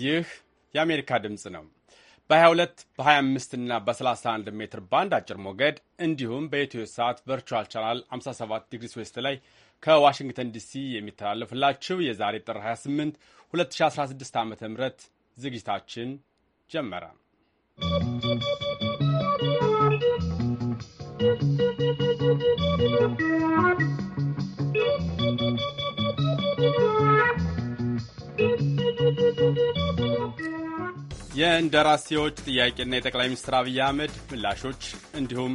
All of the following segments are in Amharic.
ይህ የአሜሪካ ድምፅ ነው። በ22 በ25 እና በ31 ሜትር ባንድ አጭር ሞገድ እንዲሁም በኢትዮ ሰዓት ቨርቹዋል ቻናል 57 ዲግሪስ ዌስት ላይ ከዋሽንግተን ዲሲ የሚተላለፍላችሁ የዛሬ ጥር 28 2016 ዓ ም ዝግጅታችን ጀመረ። የእንደራሴዎች ጥያቄና የጠቅላይ ሚኒስትር አብይ አህመድ ምላሾች እንዲሁም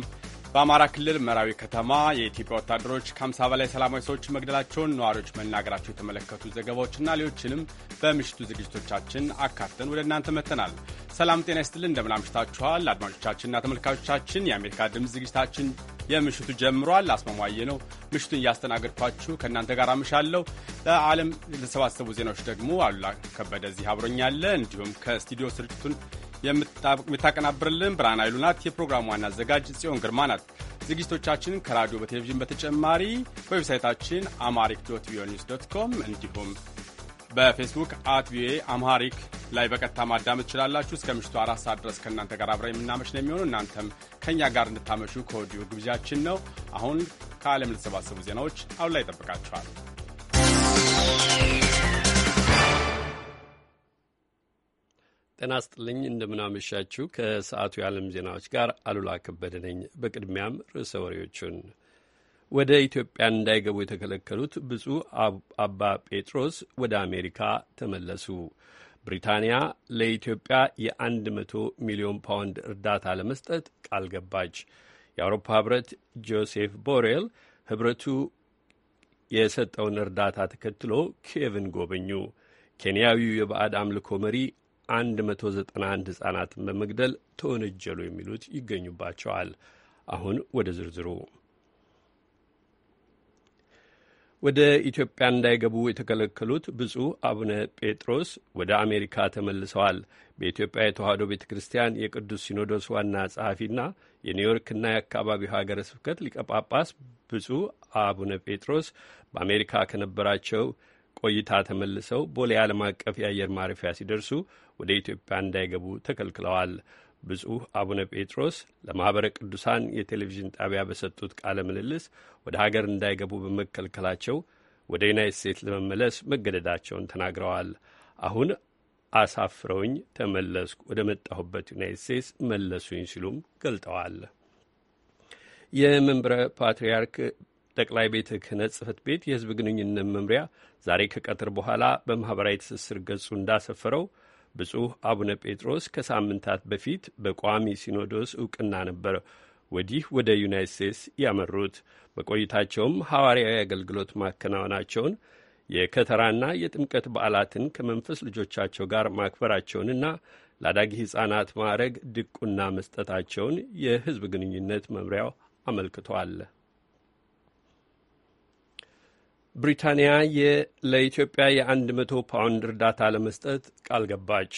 በአማራ ክልል መራዊ ከተማ የኢትዮጵያ ወታደሮች ከአምሳ በላይ ሰላማዊ ሰዎች መግደላቸውን ነዋሪዎች መናገራቸው የተመለከቱ ዘገባዎችና ሌሎችንም በምሽቱ ዝግጅቶቻችን አካተን ወደ እናንተ መጥተናል። ሰላም ጤና ይስጥልን፣ እንደምናምሽታችኋል አድማጮቻችንና ተመልካቾቻችን። የአሜሪካ ድምፅ ዝግጅታችን የምሽቱ ጀምሯል። አስማማየ ነው ምሽቱን እያስተናገድኳችሁ ከእናንተ ጋር አምሻለሁ። ለዓለም የተሰባሰቡ ዜናዎች ደግሞ አሉላ ከበደ እዚህ አብሮኛለ። እንዲሁም ከስቱዲዮ ስርጭቱን የምታቀናብርልን ብርሃን ኃይሉ ናት። የፕሮግራሙ ዋና አዘጋጅ ጽዮን ግርማ ናት። ዝግጅቶቻችን ከራዲዮ በቴሌቪዥን በተጨማሪ በዌብሳይታችን አማሪክ ዶት ቪኦኤ ኒውስ ዶት ኮም እንዲሁም በፌስቡክ አት ቪኦኤ አምሃሪክ ላይ በቀጥታ ማዳመጥ ትችላላችሁ። እስከ ምሽቱ አራት ሰዓት ድረስ ከእናንተ ጋር አብረ የምናመሽ ነው የሚሆኑ እናንተም ከእኛ ጋር እንድታመሹ ከወዲሁ ግብዣችን ነው። አሁን ከዓለም ለተሰባሰቡ ዜናዎች አሁን ላይ ይጠብቃችኋል። ጤና ስጥልኝ እንደምናመሻችሁ። ከሰዓቱ የዓለም ዜናዎች ጋር አሉላ ከበደ ነኝ። በቅድሚያም ርዕሰ ወሬዎቹን ወደ ኢትዮጵያ እንዳይገቡ የተከለከሉት ብፁዕ አባ ጴጥሮስ ወደ አሜሪካ ተመለሱ። ብሪታንያ ለኢትዮጵያ የ100 ሚሊዮን ፓውንድ እርዳታ ለመስጠት ቃል ገባች። የአውሮፓ ህብረት ጆሴፍ ቦሬል ህብረቱ የሰጠውን እርዳታ ተከትሎ ኪየቭን ጎበኙ። ኬንያዊው የባዕድ አምልኮ መሪ 191 ሕፃናትን በመግደል ተወነጀሉ የሚሉት ይገኙባቸዋል። አሁን ወደ ዝርዝሩ ወደ ኢትዮጵያ እንዳይገቡ የተከለከሉት ብፁዕ አቡነ ጴጥሮስ ወደ አሜሪካ ተመልሰዋል። በኢትዮጵያ የተዋሕዶ ቤተ ክርስቲያን የቅዱስ ሲኖዶስ ዋና ጸሐፊና የኒውዮርክና የአካባቢው ሀገረ ስብከት ሊቀ ጳጳስ ብፁዕ አቡነ ጴጥሮስ በአሜሪካ ከነበራቸው ቆይታ ተመልሰው ቦሌ ዓለም አቀፍ የአየር ማረፊያ ሲደርሱ ወደ ኢትዮጵያ እንዳይገቡ ተከልክለዋል። ብፁዕ አቡነ ጴጥሮስ ለማኅበረ ቅዱሳን የቴሌቪዥን ጣቢያ በሰጡት ቃለ ምልልስ ወደ ሀገር እንዳይገቡ በመከልከላቸው ወደ ዩናይት ስቴትስ ለመመለስ መገደዳቸውን ተናግረዋል። አሁን አሳፍረውኝ ተመለስኩ፣ ወደ መጣሁበት ዩናይት ስቴትስ መለሱኝ ሲሉም ገልጠዋል። የመንበረ ፓትርያርክ ጠቅላይ ቤተ ክህነት ጽህፈት ቤት የህዝብ ግንኙነት መምሪያ ዛሬ ከቀትር በኋላ በማኅበራዊ ትስስር ገጹ እንዳሰፈረው ብፁዕ አቡነ ጴጥሮስ ከሳምንታት በፊት በቋሚ ሲኖዶስ እውቅና ነበር ወዲህ ወደ ዩናይት ስቴትስ ያመሩት። በቆይታቸውም ሐዋርያዊ አገልግሎት ማከናወናቸውን የከተራና የጥምቀት በዓላትን ከመንፈስ ልጆቻቸው ጋር ማክበራቸውንና ለአዳጊ ሕፃናት ማዕረግ ድቁና መስጠታቸውን የሕዝብ ግንኙነት መምሪያው አመልክቷል። ብሪታንያ ለኢትዮጵያ የአንድ መቶ ፓውንድ እርዳታ ለመስጠት ቃል ገባች።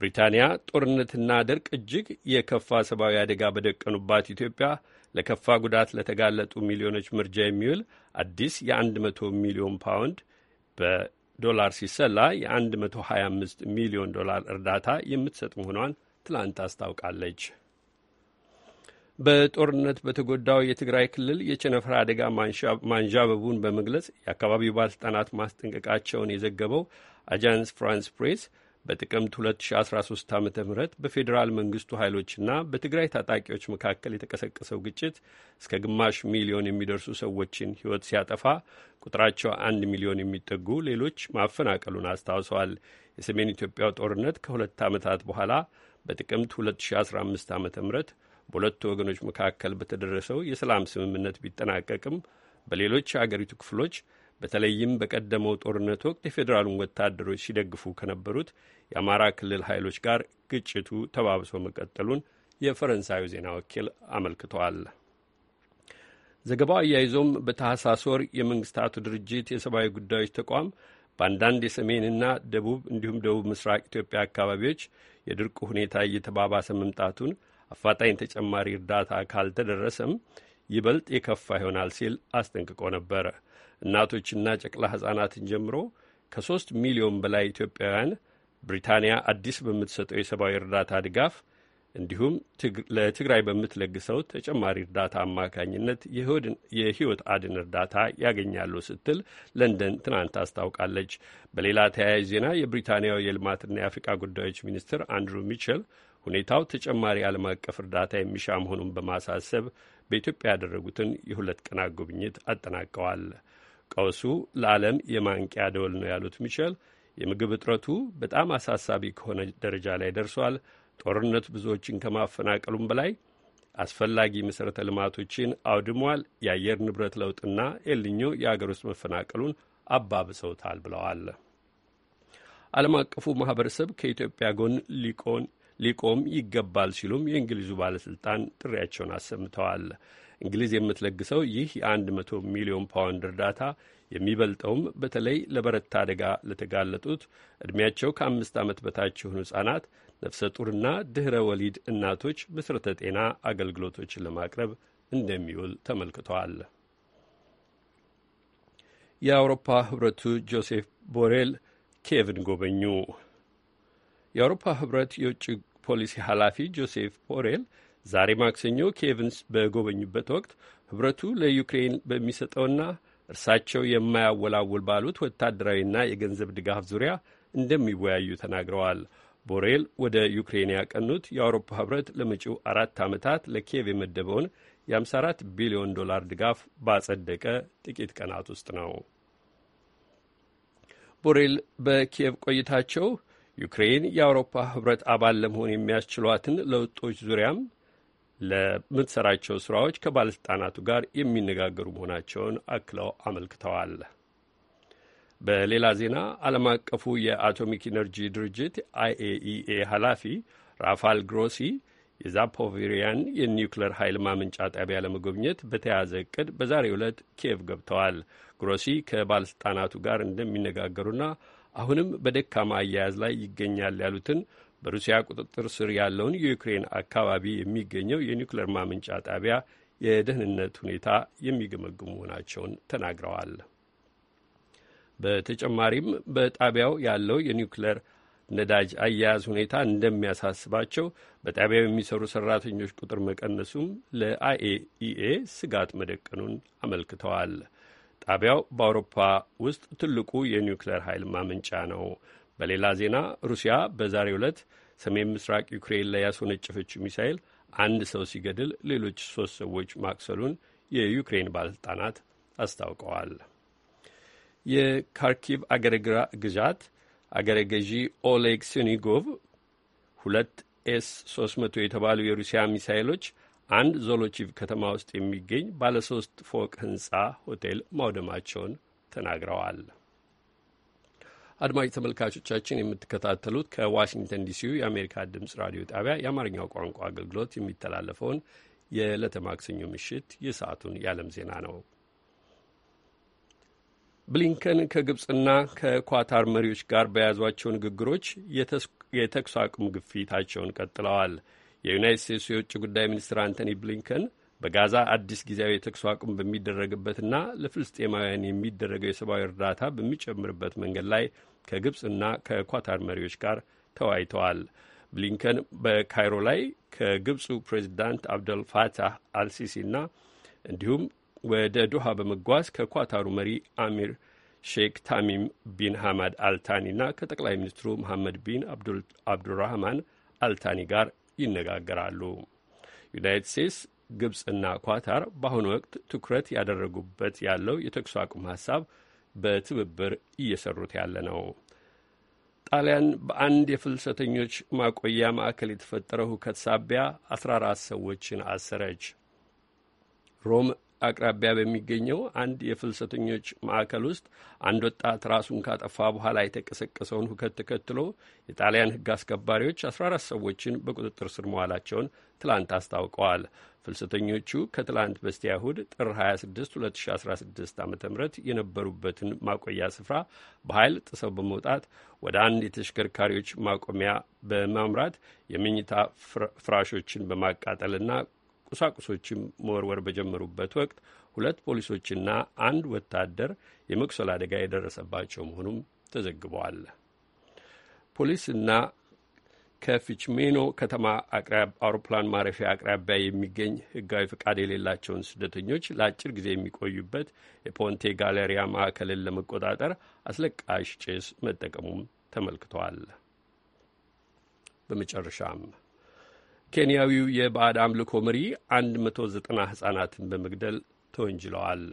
ብሪታንያ ጦርነትና ድርቅ እጅግ የከፋ ሰብአዊ አደጋ በደቀኑባት ኢትዮጵያ ለከፋ ጉዳት ለተጋለጡ ሚሊዮኖች መርጃ የሚውል አዲስ የ100 ሚሊዮን ፓውንድ በዶላር ሲሰላ የ125 ሚሊዮን ዶላር እርዳታ የምትሰጥ መሆኗን ትላንት አስታውቃለች። በጦርነት በተጎዳው የትግራይ ክልል የቸነፈር አደጋ ማንዣበቡን በመግለጽ የአካባቢው ባለስልጣናት ማስጠንቀቃቸውን የዘገበው አጃንስ ፍራንስ ፕሬስ በጥቅምት 2013 ዓ ም በፌዴራል መንግስቱ ኃይሎችና በትግራይ ታጣቂዎች መካከል የተቀሰቀሰው ግጭት እስከ ግማሽ ሚሊዮን የሚደርሱ ሰዎችን ሕይወት ሲያጠፋ ቁጥራቸው አንድ ሚሊዮን የሚጠጉ ሌሎች ማፈናቀሉን አስታውሰዋል። የሰሜን ኢትዮጵያው ጦርነት ከሁለት ዓመታት በኋላ በጥቅምት 2015 ዓ ም በሁለቱ ወገኖች መካከል በተደረሰው የሰላም ስምምነት ቢጠናቀቅም በሌሎች የአገሪቱ ክፍሎች በተለይም በቀደመው ጦርነት ወቅት የፌዴራሉን ወታደሮች ሲደግፉ ከነበሩት የአማራ ክልል ኃይሎች ጋር ግጭቱ ተባብሶ መቀጠሉን የፈረንሳዩ ዜና ወኪል አመልክተዋል። ዘገባው አያይዞም በታህሳስ ወር የመንግስታቱ ድርጅት የሰብአዊ ጉዳዮች ተቋም በአንዳንድ የሰሜንና ደቡብ እንዲሁም ደቡብ ምስራቅ ኢትዮጵያ አካባቢዎች የድርቁ ሁኔታ እየተባባሰ መምጣቱን አፋጣኝ ተጨማሪ እርዳታ ካልተደረሰም ይበልጥ የከፋ ይሆናል ሲል አስጠንቅቆ ነበረ። እናቶችና ጨቅላ ሕፃናትን ጀምሮ ከሶስት ሚሊዮን በላይ ኢትዮጵያውያን ብሪታንያ አዲስ በምትሰጠው የሰብአዊ እርዳታ ድጋፍ እንዲሁም ለትግራይ በምትለግሰው ተጨማሪ እርዳታ አማካኝነት የህይወት አድን እርዳታ ያገኛሉ ስትል ለንደን ትናንት አስታውቃለች። በሌላ ተያያዥ ዜና የብሪታንያው የልማትና የአፍሪካ ጉዳዮች ሚኒስትር አንድሩ ሚቸል ሁኔታው ተጨማሪ ዓለም አቀፍ እርዳታ የሚሻ መሆኑን በማሳሰብ በኢትዮጵያ ያደረጉትን የሁለት ቀናት ጉብኝት አጠናቀዋል። ቀውሱ ለዓለም የማንቂያ ደወል ነው ያሉት ሚሸል የምግብ እጥረቱ በጣም አሳሳቢ ከሆነ ደረጃ ላይ ደርሷል። ጦርነት ብዙዎችን ከማፈናቀሉም በላይ አስፈላጊ መሠረተ ልማቶችን አውድሟል። የአየር ንብረት ለውጥና ኤልኞ የአገር ውስጥ መፈናቀሉን አባብሰውታል ብለዋል። ዓለም አቀፉ ማህበረሰብ ከኢትዮጵያ ጎን ሊቆን ሊቆም ይገባል ሲሉም የእንግሊዙ ባለስልጣን ጥሪያቸውን አሰምተዋል። እንግሊዝ የምትለግሰው ይህ የአንድ 100 ሚሊዮን ፓውንድ እርዳታ የሚበልጠውም በተለይ ለበረታ አደጋ ለተጋለጡት ዕድሜያቸው ከአምስት ዓመት በታች የሆኑ ሕፃናት፣ ነፍሰ ጡርና ድኅረ ወሊድ እናቶች መሠረተ ጤና አገልግሎቶችን ለማቅረብ እንደሚውል ተመልክተዋል። የአውሮፓ ህብረቱ ጆሴፍ ቦሬል ኬቭን ጎበኙ። የአውሮፓ ህብረት የውጭ ፖሊሲ ኃላፊ ጆሴፍ ፖሬል ዛሬ ማክሰኞ ኬቭንስ በጎበኙበት ወቅት ህብረቱ ለዩክሬን በሚሰጠውና እርሳቸው የማያወላውል ባሉት ወታደራዊና የገንዘብ ድጋፍ ዙሪያ እንደሚወያዩ ተናግረዋል። ቦሬል ወደ ዩክሬን ያቀኑት የአውሮፓ ህብረት ለመጪው አራት ዓመታት ለኪየቭ የመደበውን የ54 ቢሊዮን ዶላር ድጋፍ ባጸደቀ ጥቂት ቀናት ውስጥ ነው። ቦሬል በኪየቭ ቆይታቸው ዩክሬን የአውሮፓ ህብረት አባል ለመሆን የሚያስችሏትን ለውጦች ዙሪያም ለምትሰራቸው ስራዎች ከባለስልጣናቱ ጋር የሚነጋገሩ መሆናቸውን አክለው አመልክተዋል። በሌላ ዜና ዓለም አቀፉ የአቶሚክ ኢነርጂ ድርጅት አይኤኢኤ ኃላፊ ራፋል ግሮሲ የዛፖቬሪያን የኒውክሌር ኃይል ማመንጫ ጣቢያ ለመጎብኘት በተያያዘ እቅድ በዛሬ ዕለት ኪየቭ ገብተዋል። ግሮሲ ከባለስልጣናቱ ጋር እንደሚነጋገሩና አሁንም በደካማ አያያዝ ላይ ይገኛል ያሉትን በሩሲያ ቁጥጥር ስር ያለውን የዩክሬን አካባቢ የሚገኘው የኒውክሌር ማምንጫ ጣቢያ የደህንነት ሁኔታ የሚገመግሙ መሆናቸውን ተናግረዋል። በተጨማሪም በጣቢያው ያለው የኒውክሌር ነዳጅ አያያዝ ሁኔታ እንደሚያሳስባቸው፣ በጣቢያው የሚሰሩ ሰራተኞች ቁጥር መቀነሱም ለአይኤኢኤ ስጋት መደቀኑን አመልክተዋል። ጣቢያው በአውሮፓ ውስጥ ትልቁ የኒውክሌር ኃይል ማመንጫ ነው። በሌላ ዜና ሩሲያ በዛሬ ዕለት ሰሜን ምስራቅ ዩክሬን ላይ ያስወነጨፈችው ሚሳይል አንድ ሰው ሲገድል ሌሎች ሶስት ሰዎች ማቁሰሉን የዩክሬን ባለስልጣናት አስታውቀዋል። የካርኪቭ አገረ ግዛት አገረ ገዢ ኦሌግ ሲኒጎቭ ሁለት ኤስ 300 የተባሉ የሩሲያ ሚሳይሎች አንድ ዞሎቺቭ ከተማ ውስጥ የሚገኝ ባለሶስት ፎቅ ህንፃ ሆቴል ማውደማቸውን ተናግረዋል። አድማጭ ተመልካቾቻችን የምትከታተሉት ከዋሽንግተን ዲሲው የአሜሪካ ድምፅ ራዲዮ ጣቢያ የአማርኛው ቋንቋ አገልግሎት የሚተላለፈውን የዕለተ ማክሰኞ ምሽት የሰዓቱን የዓለም ዜና ነው። ብሊንከን ከግብፅና ከኳታር መሪዎች ጋር በያዟቸው ንግግሮች የተኩስ አቁም ግፊታቸውን ቀጥለዋል። የዩናይት ስቴትሱ የውጭ ጉዳይ ሚኒስትር አንቶኒ ብሊንከን በጋዛ አዲስ ጊዜያዊ የተኩስ አቁም በሚደረግበትና ለፍልስጤማውያን የሚደረገው የሰብአዊ እርዳታ በሚጨምርበት መንገድ ላይ ከግብፅና ከኳታር መሪዎች ጋር ተወያይተዋል። ብሊንከን በካይሮ ላይ ከግብፁ ፕሬዚዳንት አብደል ፋታህ አልሲሲና እንዲሁም ወደ ዶሃ በመጓዝ ከኳታሩ መሪ አሚር ሼክ ታሚም ቢን ሐማድ አልታኒ እና ከጠቅላይ ሚኒስትሩ መሐመድ ቢን አብዱራህማን አልታኒ ጋር ይነጋገራሉ። ዩናይትድ ስቴትስ ግብፅና ኳታር በአሁኑ ወቅት ትኩረት ያደረጉበት ያለው የተኩስ አቁም ሀሳብ በትብብር እየሰሩት ያለ ነው። ጣሊያን በአንድ የፍልሰተኞች ማቆያ ማዕከል የተፈጠረው ሁከት ሳቢያ 14 ሰዎችን አሰረች። ሮም አቅራቢያ በሚገኘው አንድ የፍልሰተኞች ማዕከል ውስጥ አንድ ወጣት ራሱን ካጠፋ በኋላ የተቀሰቀሰውን ሁከት ተከትሎ የጣሊያን ሕግ አስከባሪዎች 14 ሰዎችን በቁጥጥር ስር መዋላቸውን ትላንት አስታውቀዋል። ፍልሰተኞቹ ከትላንት በስቲያ እሁድ ጥር 26 2016 ዓ ም የነበሩበትን ማቆያ ስፍራ በኃይል ጥሰው በመውጣት ወደ አንድ የተሽከርካሪዎች ማቆሚያ በማምራት የመኝታ ፍራሾችን በማቃጠልና ቁሳቁሶችም መወርወር በጀመሩበት ወቅት ሁለት ፖሊሶችና አንድ ወታደር የመቁሰል አደጋ የደረሰባቸው መሆኑም ተዘግበዋል። ፖሊስና ከፊችሜኖ ከተማ አውሮፕላን ማረፊያ አቅራቢያ የሚገኝ ሕጋዊ ፈቃድ የሌላቸውን ስደተኞች ለአጭር ጊዜ የሚቆዩበት የፖንቴ ጋለሪያ ማዕከልን ለመቆጣጠር አስለቃሽ ጭስ መጠቀሙም ተመልክተዋል። በመጨረሻም ኬንያዊው የባዕድ አምልኮ መሪ 190 ሕፃናትን በመግደል ተወንጅለዋል።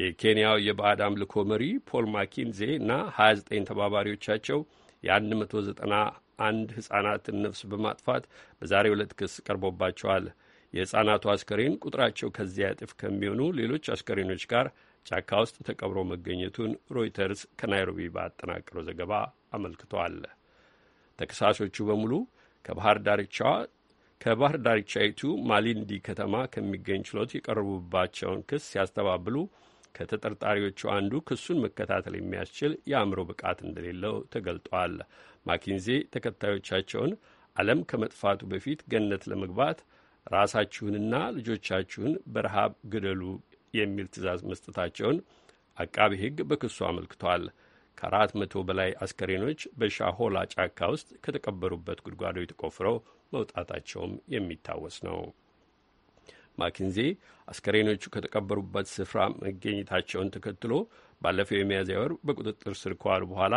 የኬንያው የባዕድ አምልኮ መሪ ፖል ማኪንዜ እና 29 ተባባሪዎቻቸው የ191 ሕፃናትን ነፍስ በማጥፋት በዛሬው ዕለት ክስ ቀርቦባቸዋል። የሕፃናቱ አስከሬን ቁጥራቸው ከዚያ እጥፍ ከሚሆኑ ሌሎች አስከሬኖች ጋር ጫካ ውስጥ ተቀብሮ መገኘቱን ሮይተርስ ከናይሮቢ ባጠናቀረው ዘገባ አመልክቷል። ተከሳሾቹ በሙሉ ከባህር ዳርቻዋ ከባህር ዳርቻይቱ ማሊንዲ ከተማ ከሚገኝ ችሎት የቀረቡባቸውን ክስ ሲያስተባብሉ ከተጠርጣሪዎቹ አንዱ ክሱን መከታተል የሚያስችል የአእምሮ ብቃት እንደሌለው ተገልጧል። ማኪንዜ ተከታዮቻቸውን ዓለም ከመጥፋቱ በፊት ገነት ለመግባት ራሳችሁንና ልጆቻችሁን በረሃብ ግደሉ የሚል ትዕዛዝ መስጠታቸውን አቃቢ ሕግ በክሱ አመልክቷል። ከአራት መቶ በላይ አስከሬኖች በሻሆላ ጫካ ውስጥ ከተቀበሩበት ጉድጓዶች ተቆፍረው መውጣታቸውም የሚታወስ ነው። ማኪንዜ አስከሬኖቹ ከተቀበሩበት ስፍራ መገኘታቸውን ተከትሎ ባለፈው የሚያዝያ ወር በቁጥጥር ስር ከዋሉ በኋላ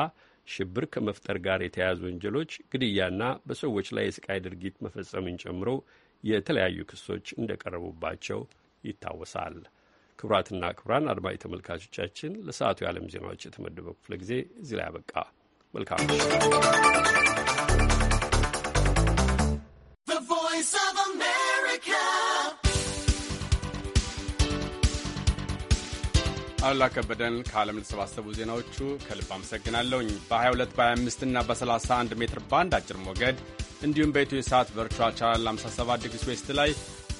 ሽብር ከመፍጠር ጋር የተያያዙ ወንጀሎች፣ ግድያና በሰዎች ላይ የስቃይ ድርጊት መፈጸምን ጨምሮ የተለያዩ ክሶች እንደቀረቡባቸው ይታወሳል። ክቡራትና ክቡራን አድማጭ ተመልካቾቻችን ለሰዓቱ የዓለም ዜናዎች የተመደበው ክፍለ ጊዜ እዚህ ላይ አበቃ። መልካም አሉላ ከበደን ከዓለም ለተሰባሰቡ ዜናዎቹ ከልብ አመሰግናለሁኝ። በ22 በ25 እና በ31 ሜትር ባንድ አጭር ሞገድ እንዲሁም በኢትዮ ሰዓት ቨርቹዋል ቻናል 57 ዲግሪ ዌስት ላይ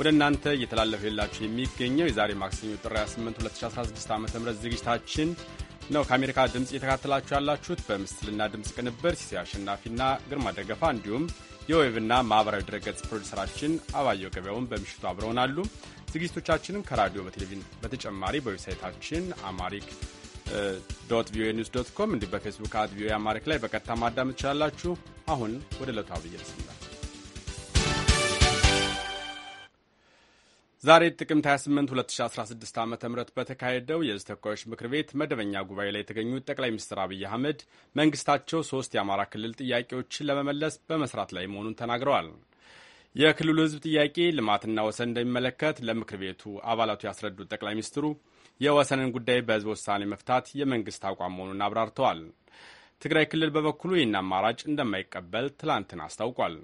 ወደ እናንተ እየተላለፈ የላችሁ የሚገኘው የዛሬ ማክሰኞ ጥር 28 2016 ዓ ም ዝግጅታችን ነው። ከአሜሪካ ድምፅ እየተካተላችሁ ያላችሁት በምስልና ድምፅ ቅንብር ሲሴ አሸናፊና ግርማ ደገፋ እንዲሁም የዌብና ማኅበራዊ ድረገጽ ፕሮዲሰራችን አባየው ገበያውን በምሽቱ አብረውናሉ። ዝግጅቶቻችንም ከራዲዮ በቴሌቪዥን በተጨማሪ በዌብሳይታችን አማሪክ ዶት ቪኦኤ ኒውስ ዶት ኮም እንዲሁም በፌስቡክ አት ቪኦኤ አማሪክ ላይ በቀጥታ ማዳመጥ ትችላላችሁ። አሁን ወደ ዕለቱ አብይ ዛሬ ጥቅምት 28 2016 ዓ ም በተካሄደው የሕዝብ ተወካዮች ምክር ቤት መደበኛ ጉባኤ ላይ የተገኙት ጠቅላይ ሚኒስትር አብይ አህመድ መንግስታቸው ሶስት የአማራ ክልል ጥያቄዎችን ለመመለስ በመስራት ላይ መሆኑን ተናግረዋል። የክልሉ ሕዝብ ጥያቄ ልማትና ወሰን እንደሚመለከት ለምክር ቤቱ አባላቱ ያስረዱት ጠቅላይ ሚኒስትሩ የወሰንን ጉዳይ በሕዝብ ውሳኔ መፍታት የመንግስት አቋም መሆኑን አብራርተዋል። ትግራይ ክልል በበኩሉ ይህን አማራጭ እንደማይቀበል ትላንትን አስታውቋል።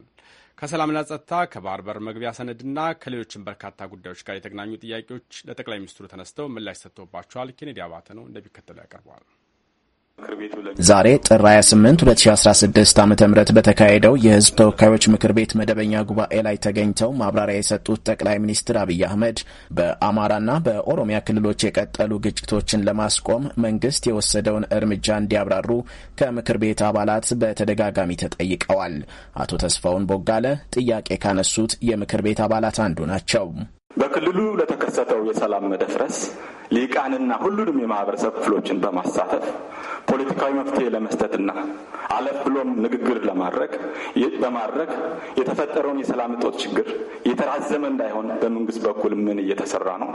ከሰላምና ጸጥታ ከባህር በር መግቢያ ሰነድና ከሌሎችም በርካታ ጉዳዮች ጋር የተገናኙ ጥያቄዎች ለጠቅላይ ሚኒስትሩ ተነስተው ምላሽ ሰጥቶባቸዋል። ኬኔዲ አባተ ነው እንደሚከተለው ያቀርበዋል። ዛሬ ጥር 28 2016 ዓ ም በተካሄደው የህዝብ ተወካዮች ምክር ቤት መደበኛ ጉባኤ ላይ ተገኝተው ማብራሪያ የሰጡት ጠቅላይ ሚኒስትር አብይ አህመድ በአማራና በኦሮሚያ ክልሎች የቀጠሉ ግጭቶችን ለማስቆም መንግስት የወሰደውን እርምጃ እንዲያብራሩ ከምክር ቤት አባላት በተደጋጋሚ ተጠይቀዋል። አቶ ተስፋውን ቦጋለ ጥያቄ ካነሱት የምክር ቤት አባላት አንዱ ናቸው። በክልሉ ለተከሰተው የሰላም መደፍረስ ሊቃንና ሁሉንም የማህበረሰብ ክፍሎችን በማሳተፍ ፖለቲካዊ መፍትሄ ለመስጠትና አለፍ ብሎም ንግግር ለማድረግ በማድረግ የተፈጠረውን የሰላም እጦት ችግር የተራዘመ እንዳይሆን በመንግስት በኩል ምን እየተሰራ ነው?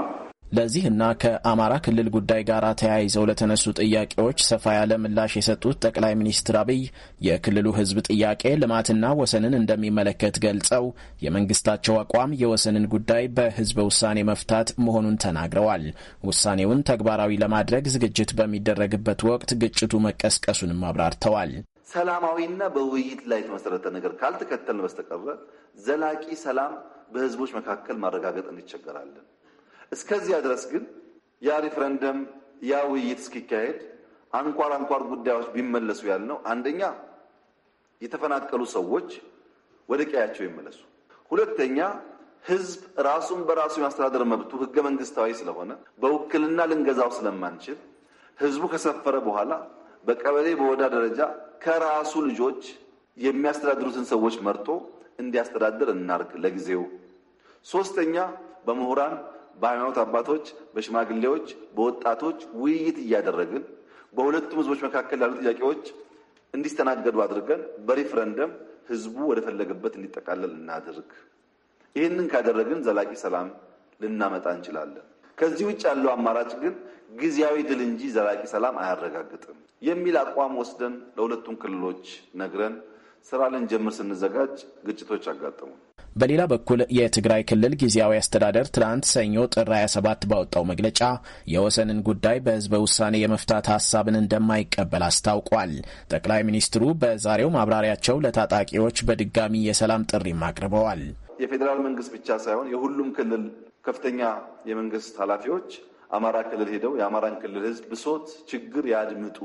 ለዚህና ከአማራ ክልል ጉዳይ ጋር ተያይዘው ለተነሱ ጥያቄዎች ሰፋ ያለ ምላሽ የሰጡት ጠቅላይ ሚኒስትር አብይ የክልሉ ሕዝብ ጥያቄ ልማትና ወሰንን እንደሚመለከት ገልጸው የመንግስታቸው አቋም የወሰንን ጉዳይ በሕዝበ ውሳኔ መፍታት መሆኑን ተናግረዋል። ውሳኔውን ተግባራዊ ለማድረግ ዝግጅት በሚደረግበት ወቅት ግጭቱ መቀስቀሱንም አብራርተዋል። ሰላማዊና በውይይት ላይ የተመሰረተ ነገር ካልተከተልን በስተቀረ ዘላቂ ሰላም በሕዝቦች መካከል ማረጋገጥ እንቸገራለን። እስከዚያ ድረስ ግን ያ ሪፍረንደም ያ ውይይት እስኪካሄድ አንኳር አንኳር ጉዳዮች ቢመለሱ ያልነው አንደኛ የተፈናቀሉ ሰዎች ወደ ቀያቸው ይመለሱ፣ ሁለተኛ ህዝብ ራሱን በራሱ የማስተዳደር መብቱ ህገ መንግስታዊ ስለሆነ በውክልና ልንገዛው ስለማንችል ህዝቡ ከሰፈረ በኋላ በቀበሌ በወዳ ደረጃ ከራሱ ልጆች የሚያስተዳድሩትን ሰዎች መርጦ እንዲያስተዳድር እናርግ ለጊዜው። ሶስተኛ በምሁራን በሃይማኖት አባቶች፣ በሽማግሌዎች፣ በወጣቶች ውይይት እያደረግን በሁለቱም ህዝቦች መካከል ያሉ ጥያቄዎች እንዲስተናገዱ አድርገን በሪፍረንደም ህዝቡ ወደፈለገበት እንዲጠቃለል እናድርግ። ይህንን ካደረግን ዘላቂ ሰላም ልናመጣ እንችላለን። ከዚህ ውጭ ያለው አማራጭ ግን ጊዜያዊ ድል እንጂ ዘላቂ ሰላም አያረጋግጥም የሚል አቋም ወስደን ለሁለቱም ክልሎች ነግረን ስራ ልንጀምር ስንዘጋጅ ግጭቶች አጋጠሙን። በሌላ በኩል የትግራይ ክልል ጊዜያዊ አስተዳደር ትናንት ሰኞ ጥር 27 ባወጣው መግለጫ የወሰንን ጉዳይ በህዝበ ውሳኔ የመፍታት ሀሳብን እንደማይቀበል አስታውቋል። ጠቅላይ ሚኒስትሩ በዛሬው ማብራሪያቸው ለታጣቂዎች በድጋሚ የሰላም ጥሪም አቅርበዋል። የፌዴራል መንግስት ብቻ ሳይሆን የሁሉም ክልል ከፍተኛ የመንግስት ኃላፊዎች አማራ ክልል ሄደው የአማራን ክልል ህዝብ ብሶት፣ ችግር ያድምጡ፣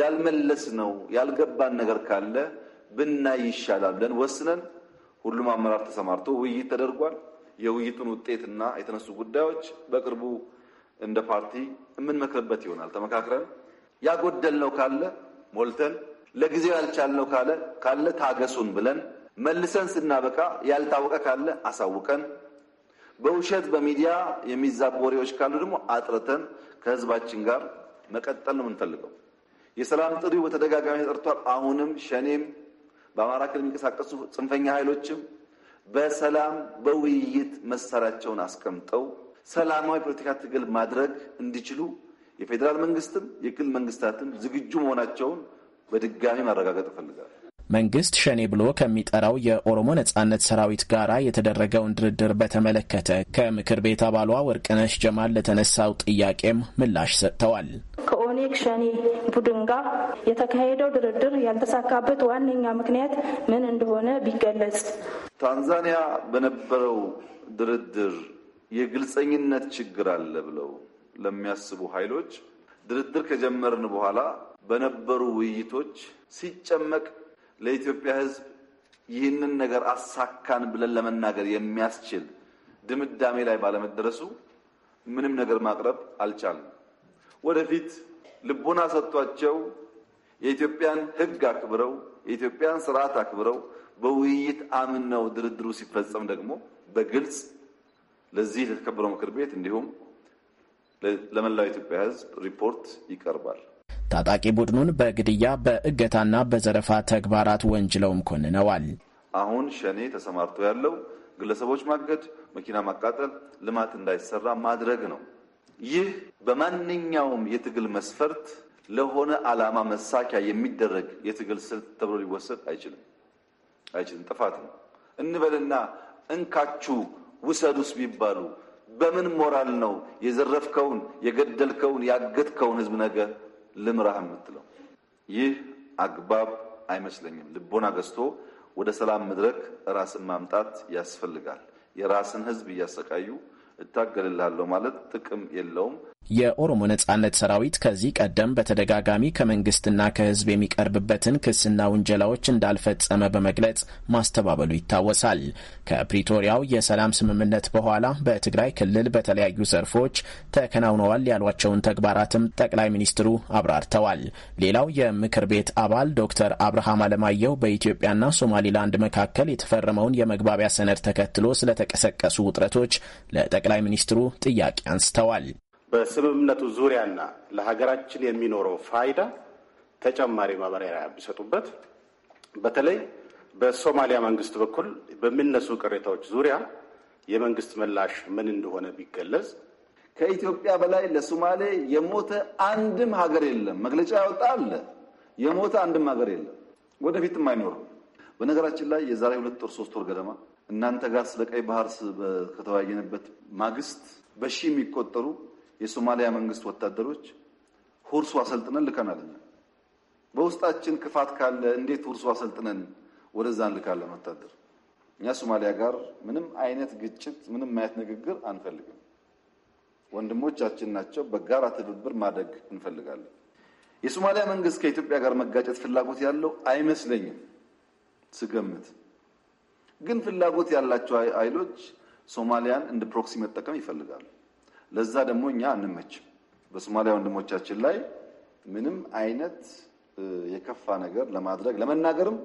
ያልመለስ ነው ያልገባን ነገር ካለ ብናይ ይሻላል ብለን ወስነን ሁሉም አመራር ተሰማርቶ ውይይት ተደርጓል። የውይይቱን ውጤትና የተነሱ ጉዳዮች በቅርቡ እንደ ፓርቲ የምንመክርበት ይሆናል። ተመካክረን ያጎደልነው ካለ ሞልተን፣ ለጊዜው ያልቻልነው ካለ ካለ ታገሱን ብለን መልሰን ስናበቃ ያልታወቀ ካለ አሳውቀን፣ በውሸት በሚዲያ የሚዛቡ ወሬዎች ካሉ ደግሞ አጥርተን ከህዝባችን ጋር መቀጠል ነው የምንፈልገው። የሰላም ጥሪው በተደጋጋሚ ተጠርቷል። አሁንም ሸኔም በአማራ ክልል የሚንቀሳቀሱ ጽንፈኛ ኃይሎችም በሰላም በውይይት መሳሪያቸውን አስቀምጠው ሰላማዊ ፖለቲካ ትግል ማድረግ እንዲችሉ የፌዴራል መንግስትም የክልል መንግስታትም ዝግጁ መሆናቸውን በድጋሚ ማረጋገጥ እፈልጋለሁ። መንግስት ሸኔ ብሎ ከሚጠራው የኦሮሞ ነጻነት ሰራዊት ጋር የተደረገውን ድርድር በተመለከተ ከምክር ቤት አባሏ ወርቅነሽ ጀማል ለተነሳው ጥያቄም ምላሽ ሰጥተዋል። ከኦኔግ ሸኔ ቡድን ጋር የተካሄደው ድርድር ያልተሳካበት ዋነኛ ምክንያት ምን እንደሆነ ቢገለጽ። ታንዛኒያ በነበረው ድርድር የግልጸኝነት ችግር አለ ብለው ለሚያስቡ ኃይሎች ድርድር ከጀመርን በኋላ በነበሩ ውይይቶች ሲጨመቅ ለኢትዮጵያ ሕዝብ ይህንን ነገር አሳካን ብለን ለመናገር የሚያስችል ድምዳሜ ላይ ባለመደረሱ ምንም ነገር ማቅረብ አልቻልም። ወደፊት ልቡና ሰጥቷቸው የኢትዮጵያን ሕግ አክብረው የኢትዮጵያን ስርዓት አክብረው በውይይት አምነው ድርድሩ ሲፈጸም ደግሞ በግልጽ ለዚህ ለተከበረው ምክር ቤት እንዲሁም ለመላው ኢትዮጵያ ሕዝብ ሪፖርት ይቀርባል። ታጣቂ ቡድኑን በግድያ በእገታና በዘረፋ ተግባራት ወንጅለውም ኮንነዋል። አሁን ሸኔ ተሰማርቶ ያለው ግለሰቦች ማገድ፣ መኪና ማቃጠል፣ ልማት እንዳይሰራ ማድረግ ነው። ይህ በማንኛውም የትግል መስፈርት ለሆነ ዓላማ መሳኪያ የሚደረግ የትግል ስልት ተብሎ ሊወሰድ አይችልም አይችልም። ጥፋት ነው እንበልና እንካችሁ ውሰዱስ ቢባሉ በምን ሞራል ነው የዘረፍከውን፣ የገደልከውን፣ ያገትከውን ህዝብ ነገ ልምራህ የምትለው? ይህ አግባብ አይመስለኝም። ልቦና ገዝቶ ወደ ሰላም መድረክ ራስን ማምጣት ያስፈልጋል። የራስን ህዝብ እያሰቃዩ እታገልላለሁ ማለት ጥቅም የለውም። የኦሮሞ ነጻነት ሰራዊት ከዚህ ቀደም በተደጋጋሚ ከመንግስትና ከህዝብ የሚቀርብበትን ክስና ውንጀላዎች እንዳልፈጸመ በመግለጽ ማስተባበሉ ይታወሳል። ከፕሪቶሪያው የሰላም ስምምነት በኋላ በትግራይ ክልል በተለያዩ ዘርፎች ተከናውነዋል ያሏቸውን ተግባራትም ጠቅላይ ሚኒስትሩ አብራርተዋል። ሌላው የምክር ቤት አባል ዶክተር አብርሃም አለማየሁ በኢትዮጵያና ሶማሊላንድ መካከል የተፈረመውን የመግባቢያ ሰነድ ተከትሎ ስለተቀሰቀሱ ውጥረቶች ለጠቅላይ ሚኒስትሩ ጥያቄ አንስተዋል። በስምምነቱ ዙሪያና ለሀገራችን የሚኖረው ፋይዳ ተጨማሪ ማብራሪያ ቢሰጡበት፣ በተለይ በሶማሊያ መንግስት በኩል በሚነሱ ቅሬታዎች ዙሪያ የመንግስት ምላሽ ምን እንደሆነ ቢገለጽ። ከኢትዮጵያ በላይ ለሶማሌ የሞተ አንድም ሀገር የለም። መግለጫ ያወጣ አለ። የሞተ አንድም ሀገር የለም፣ ወደፊትም አይኖርም። በነገራችን ላይ የዛሬ ሁለት ወር ሶስት ወር ገደማ እናንተ ጋር ስለ ቀይ ባህር ከተወያየንበት ማግስት በሺ የሚቆጠሩ የሶማሊያ መንግስት ወታደሮች ሁርሱ አሰልጥነን ልከናል። በውስጣችን ክፋት ካለ እንዴት ሁርሱ አሰልጥነን ወደዛ እንልካለን ወታደር? እኛ ሶማሊያ ጋር ምንም አይነት ግጭት፣ ምንም አይነት ንግግር አንፈልግም። ወንድሞቻችን ናቸው። በጋራ ትብብር ማደግ እንፈልጋለን። የሶማሊያ መንግስት ከኢትዮጵያ ጋር መጋጨት ፍላጎት ያለው አይመስለኝም። ስገምት ግን ፍላጎት ያላቸው ኃይሎች ሶማሊያን እንደ ፕሮክሲ መጠቀም ይፈልጋሉ። ለዛ ደግሞ እኛ አንመችም። በሶማሊያ ወንድሞቻችን ላይ ምንም አይነት የከፋ ነገር ለማድረግ ለመናገርም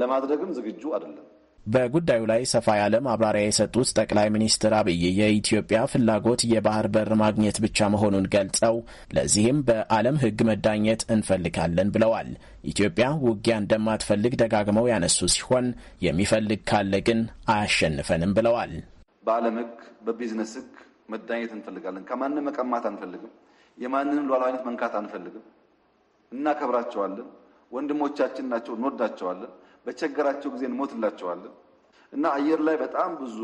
ለማድረግም ዝግጁ አይደለም። በጉዳዩ ላይ ሰፋ ያለ ማብራሪያ የሰጡት ጠቅላይ ሚኒስትር አብይ የኢትዮጵያ ፍላጎት የባህር በር ማግኘት ብቻ መሆኑን ገልጸው ለዚህም በዓለም ሕግ መዳኘት እንፈልጋለን ብለዋል። ኢትዮጵያ ውጊያ እንደማትፈልግ ደጋግመው ያነሱ ሲሆን የሚፈልግ ካለ ግን አያሸንፈንም ብለዋል። በዓለም ሕግ፣ በቢዝነስ ሕግ፣ መዳኘት እንፈልጋለን። ከማንም መቀማት አንፈልግም። የማንንም ሉዓላዊነት መንካት አንፈልግም። እናከብራቸዋለን። ወንድሞቻችን ናቸው፣ እንወዳቸዋለን። በቸገራቸው ጊዜ እንሞትላቸዋለን። እና አየር ላይ በጣም ብዙ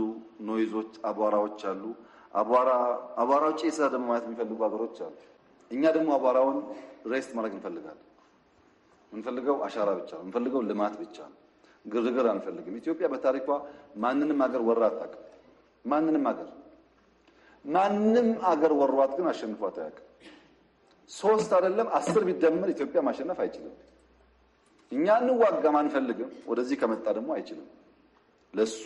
ኖይዞች፣ አቧራዎች አሉ። አቧራ አቧራው ጭስ ደግሞ ማለት የሚፈልጉ ሀገሮች አሉ። እኛ ደግሞ አቧራውን ሬስት ማድረግ እንፈልጋለን። የምንፈልገው አሻራ ብቻ ነው። የምንፈልገው ልማት ብቻ ነው። ግርግር አንፈልግም። ኢትዮጵያ በታሪኳ ማንንም ሀገር ወራ አታውቅም። ማንንም ሀገር ማንም አገር ወሯት ግን አሸንፏት አያውቅም። ሶስት አይደለም አስር ቢደምር ኢትዮጵያ ማሸነፍ አይችልም። እኛ እንዋጋም አንፈልግም። ወደዚህ ከመጣ ደግሞ አይችልም። ለሱ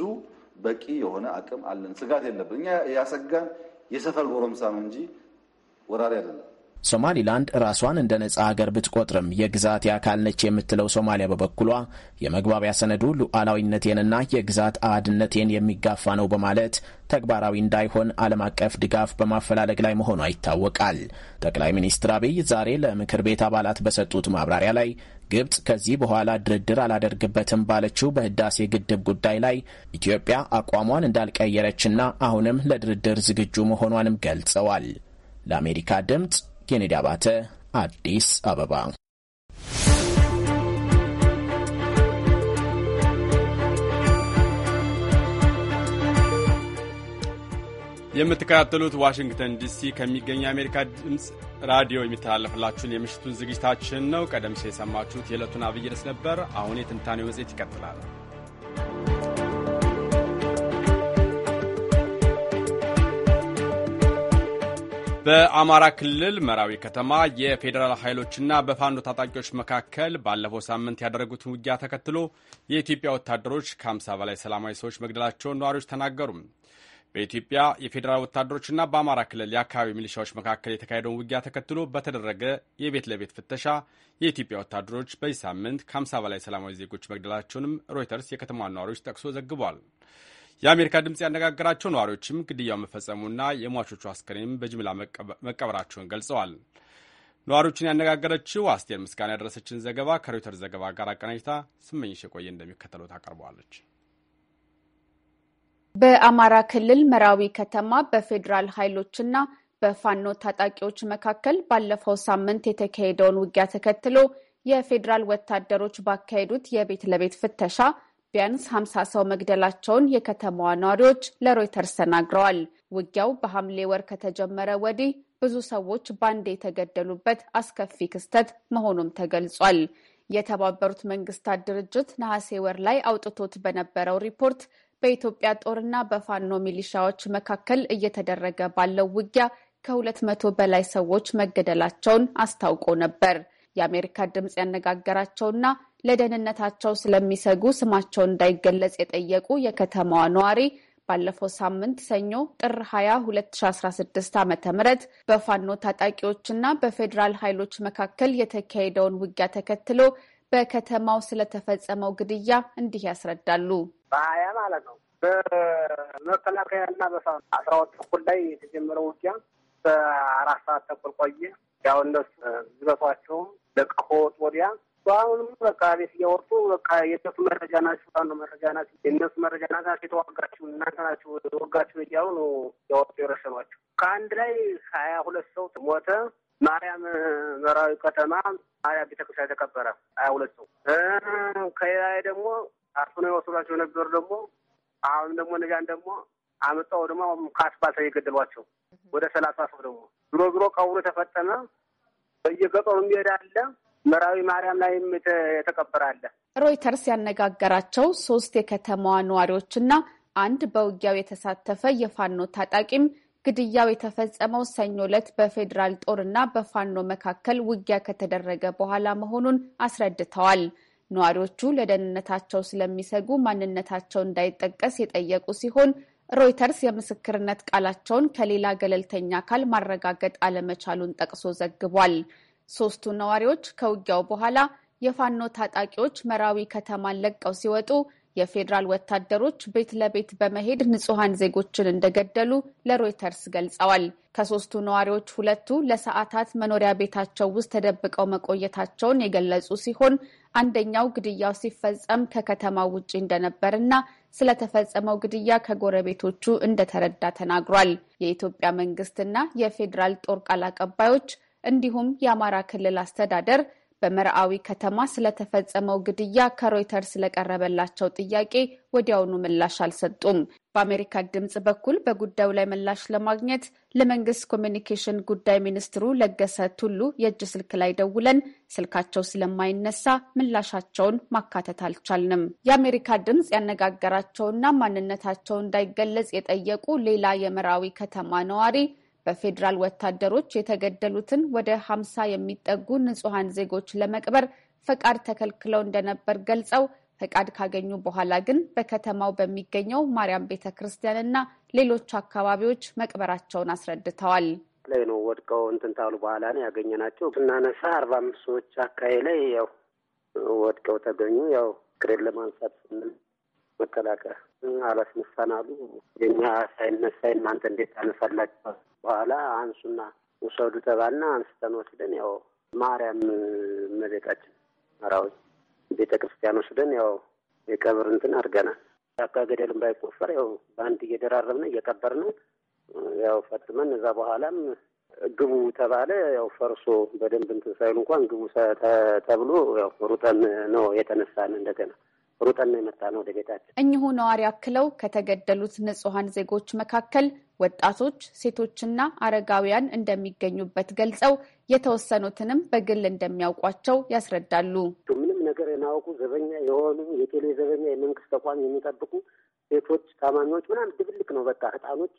በቂ የሆነ አቅም አለን። ስጋት የለብን። እኛ ያሰጋን የሰፈር ጎረምሳ ነው እንጂ ወራሪ አይደለም። ሶማሊላንድ ራሷን እንደ ነጻ ሀገር ብትቆጥርም የግዛት የአካል ነች የምትለው ሶማሊያ በበኩሏ የመግባቢያ ሰነዱ ሉዓላዊነቴንና የግዛት አህድነቴን የሚጋፋ ነው በማለት ተግባራዊ እንዳይሆን ዓለም አቀፍ ድጋፍ በማፈላለግ ላይ መሆኗ ይታወቃል። ጠቅላይ ሚኒስትር አብይ ዛሬ ለምክር ቤት አባላት በሰጡት ማብራሪያ ላይ ግብጽ ከዚህ በኋላ ድርድር አላደርግበትም ባለችው በህዳሴ ግድብ ጉዳይ ላይ ኢትዮጵያ አቋሟን እንዳልቀየረችና አሁንም ለድርድር ዝግጁ መሆኗንም ገልጸዋል። ለአሜሪካ ድምፅ ኬኔዲ አባተ አዲስ አበባ። የምትከታተሉት ዋሽንግተን ዲሲ ከሚገኝ የአሜሪካ ድምፅ ራዲዮ የሚተላለፍላችሁን የምሽቱን ዝግጅታችን ነው። ቀደም ሲል የሰማችሁት የዕለቱን አብይ ርዕስ ነበር። አሁን የትንታኔው መጽሔት ይቀጥላል። በአማራ ክልል መራዊ ከተማ የፌዴራል ኃይሎችና በፋኖ ታጣቂዎች መካከል ባለፈው ሳምንት ያደረጉትን ውጊያ ተከትሎ የኢትዮጵያ ወታደሮች ከ50 በላይ ሰላማዊ ሰዎች መግደላቸውን ነዋሪዎች ተናገሩ። በኢትዮጵያ የፌዴራል ወታደሮችና በአማራ ክልል የአካባቢ ሚሊሻዎች መካከል የተካሄደውን ውጊያ ተከትሎ በተደረገ የቤት ለቤት ፍተሻ የኢትዮጵያ ወታደሮች በዚህ ሳምንት ከ50 በላይ ሰላማዊ ዜጎች መግደላቸውንም ሮይተርስ የከተማዋን ነዋሪዎች ጠቅሶ ዘግቧል። የአሜሪካ ድምፅ ያነጋገራቸው ነዋሪዎችም ግድያው መፈጸሙና የሟቾቹ አስከሬንም በጅምላ መቀበራቸውን ገልጸዋል። ነዋሪዎችን ያነጋገረችው አስቴር ምስጋና ያደረሰችን ዘገባ ከሮይተር ዘገባ ጋር አቀናጅታ ስመኝሽ የቆየ እንደሚከተለው ታቀርበዋለች። በአማራ ክልል መራዊ ከተማ በፌዴራል ኃይሎችና በፋኖ ታጣቂዎች መካከል ባለፈው ሳምንት የተካሄደውን ውጊያ ተከትሎ የፌዴራል ወታደሮች ባካሄዱት የቤት ለቤት ፍተሻ ቢያንስ 5ምሳ ሰው መግደላቸውን የከተማዋ ነዋሪዎች ለሮይተርስ ተናግረዋል። ውጊያው በሐምሌ ወር ከተጀመረ ወዲህ ብዙ ሰዎች ባንዴ የተገደሉበት አስከፊ ክስተት መሆኑም ተገልጿል። የተባበሩት መንግስታት ድርጅት ነሐሴ ወር ላይ አውጥቶት በነበረው ሪፖርት በኢትዮጵያ ጦርና በፋኖ ሚሊሻዎች መካከል እየተደረገ ባለው ውጊያ ከሁለት መቶ በላይ ሰዎች መገደላቸውን አስታውቆ ነበር። የአሜሪካ ድምፅ ያነጋገራቸውና ለደህንነታቸው ስለሚሰጉ ስማቸው እንዳይገለጽ የጠየቁ የከተማዋ ነዋሪ ባለፈው ሳምንት ሰኞ ጥር 20 2016 ዓ ም በፋኖ ታጣቂዎችና በፌዴራል ኃይሎች መካከል የተካሄደውን ውጊያ ተከትሎ በከተማው ስለተፈጸመው ግድያ እንዲህ ያስረዳሉ። በሀያ ማለት ነው በመከላከያና በፋኖ አስራ ሁለት ተኩል ላይ የተጀመረው ውጊያ በአራት ሰዓት ተኩል ቆየ። ያው እንደሱ ዝበቷቸውም ለቀቆወጥ ወዲያ በአሁኑም በቃ ቤት እያወጡ በቃ የእነሱ መረጃ ናቸው፣ አንዱ መረጃ ናችሁ፣ የእነሱ መረጃ ናችሁ፣ የተዋጋችሁ እናንተ ናችሁ ወጋችሁ እያሉ ነው እያወጡ የረሸኗቸው። ከአንድ ላይ ሀያ ሁለት ሰው ሞተ። ማርያም መራዊ ከተማ ማርያም ቤተክርስቲያን ተቀበረ ሀያ ሁለት ሰው። ከሌላ ላይ ደግሞ አርፍ ነው የወሰዷቸው የነበሩ ደግሞ አሁንም ደግሞ እነዚያን ደግሞ አመጣው ደግሞ ከአስፋልት የገደሏቸው ወደ ሰላሳ ሰው ደግሞ ዞሮ ዞሮ ቀብሩ ተፈጠመ። በየገጠሩ የሚሄድ አለ መራዊ ማርያም ላይም የተቀበራለ። ሮይተርስ ያነጋገራቸው ሶስት የከተማዋ ነዋሪዎችና አንድ በውጊያው የተሳተፈ የፋኖ ታጣቂም ግድያው የተፈጸመው ሰኞ ዕለት በፌዴራል ጦርና በፋኖ መካከል ውጊያ ከተደረገ በኋላ መሆኑን አስረድተዋል። ነዋሪዎቹ ለደህንነታቸው ስለሚሰጉ ማንነታቸው እንዳይጠቀስ የጠየቁ ሲሆን ሮይተርስ የምስክርነት ቃላቸውን ከሌላ ገለልተኛ አካል ማረጋገጥ አለመቻሉን ጠቅሶ ዘግቧል። ሶስቱ ነዋሪዎች ከውጊያው በኋላ የፋኖ ታጣቂዎች መራዊ ከተማን ለቀው ሲወጡ የፌዴራል ወታደሮች ቤት ለቤት በመሄድ ንጹሐን ዜጎችን እንደገደሉ ለሮይተርስ ገልጸዋል። ከሶስቱ ነዋሪዎች ሁለቱ ለሰዓታት መኖሪያ ቤታቸው ውስጥ ተደብቀው መቆየታቸውን የገለጹ ሲሆን አንደኛው ግድያው ሲፈጸም ከከተማው ውጪ እንደነበርና ስለተፈጸመው ግድያ ከጎረቤቶቹ እንደተረዳ ተናግሯል። የኢትዮጵያ መንግስትና የፌዴራል ጦር ቃል አቀባዮች እንዲሁም የአማራ ክልል አስተዳደር በመርአዊ ከተማ ስለተፈጸመው ግድያ ከሮይተርስ ለቀረበላቸው ጥያቄ ወዲያውኑ ምላሽ አልሰጡም። በአሜሪካ ድምፅ በኩል በጉዳዩ ላይ ምላሽ ለማግኘት ለመንግስት ኮሚኒኬሽን ጉዳይ ሚኒስትሩ ለገሰ ቱሉ የእጅ ስልክ ላይ ደውለን ስልካቸው ስለማይነሳ ምላሻቸውን ማካተት አልቻልንም። የአሜሪካ ድምፅ ያነጋገራቸውና ማንነታቸው እንዳይገለጽ የጠየቁ ሌላ የመራዊ ከተማ ነዋሪ በፌዴራል ወታደሮች የተገደሉትን ወደ ሀምሳ የሚጠጉ ንጹሐን ዜጎች ለመቅበር ፈቃድ ተከልክለው እንደነበር ገልጸው ፈቃድ ካገኙ በኋላ ግን በከተማው በሚገኘው ማርያም ቤተ ክርስቲያን ክርስቲያንና ሌሎች አካባቢዎች መቅበራቸውን አስረድተዋል። ላይ ነው ወድቀው እንትን ታሉ በኋላ ነው ያገኘ ናቸው። ስናነሳ አርባ አምስት ሰዎች አካባቢ ላይ ያው ወድቀው ተገኙ። ያው ክሬን ለማንሳት ስንል መከላከያ አላስነሳን አሉ። የኛ ሳይነሳ እናንተ እንዴት ታነሳላችኋል በኋላ አንሱና ውሰዱ ተባልና አንስተን ወስደን ያው ማርያም መቤታችን መራዊ ቤተ ክርስቲያን ወስደን ያው የቀብር እንትን አድርገናል። ጫካ ገደልም ባይቆፈር ያው በአንድ እየደራረብን እየቀበርን ያው ፈጥመን እዛ በኋላም ግቡ ተባለ። ያው ፈርሶ በደንብ እንትን ሳይሉ እንኳን ግቡ ተብሎ ያው ሩጠን ነው የተነሳን እንደገና ሩጠን ነው የመጣ ነው ወደ ቤታችን። እኚሁ ነዋሪ አክለው ከተገደሉት ንጹሐን ዜጎች መካከል ወጣቶች፣ ሴቶችና አረጋውያን እንደሚገኙበት ገልጸው የተወሰኑትንም በግል እንደሚያውቋቸው ያስረዳሉ። ምንም ነገር የማያውቁ ዘበኛ የሆኑ የቴሌ ዘበኛ፣ የመንግስት ተቋም የሚጠብቁ ሴቶች፣ ታማሚዎች ምናምን ድብልቅ ነው በቃ ህጣኖች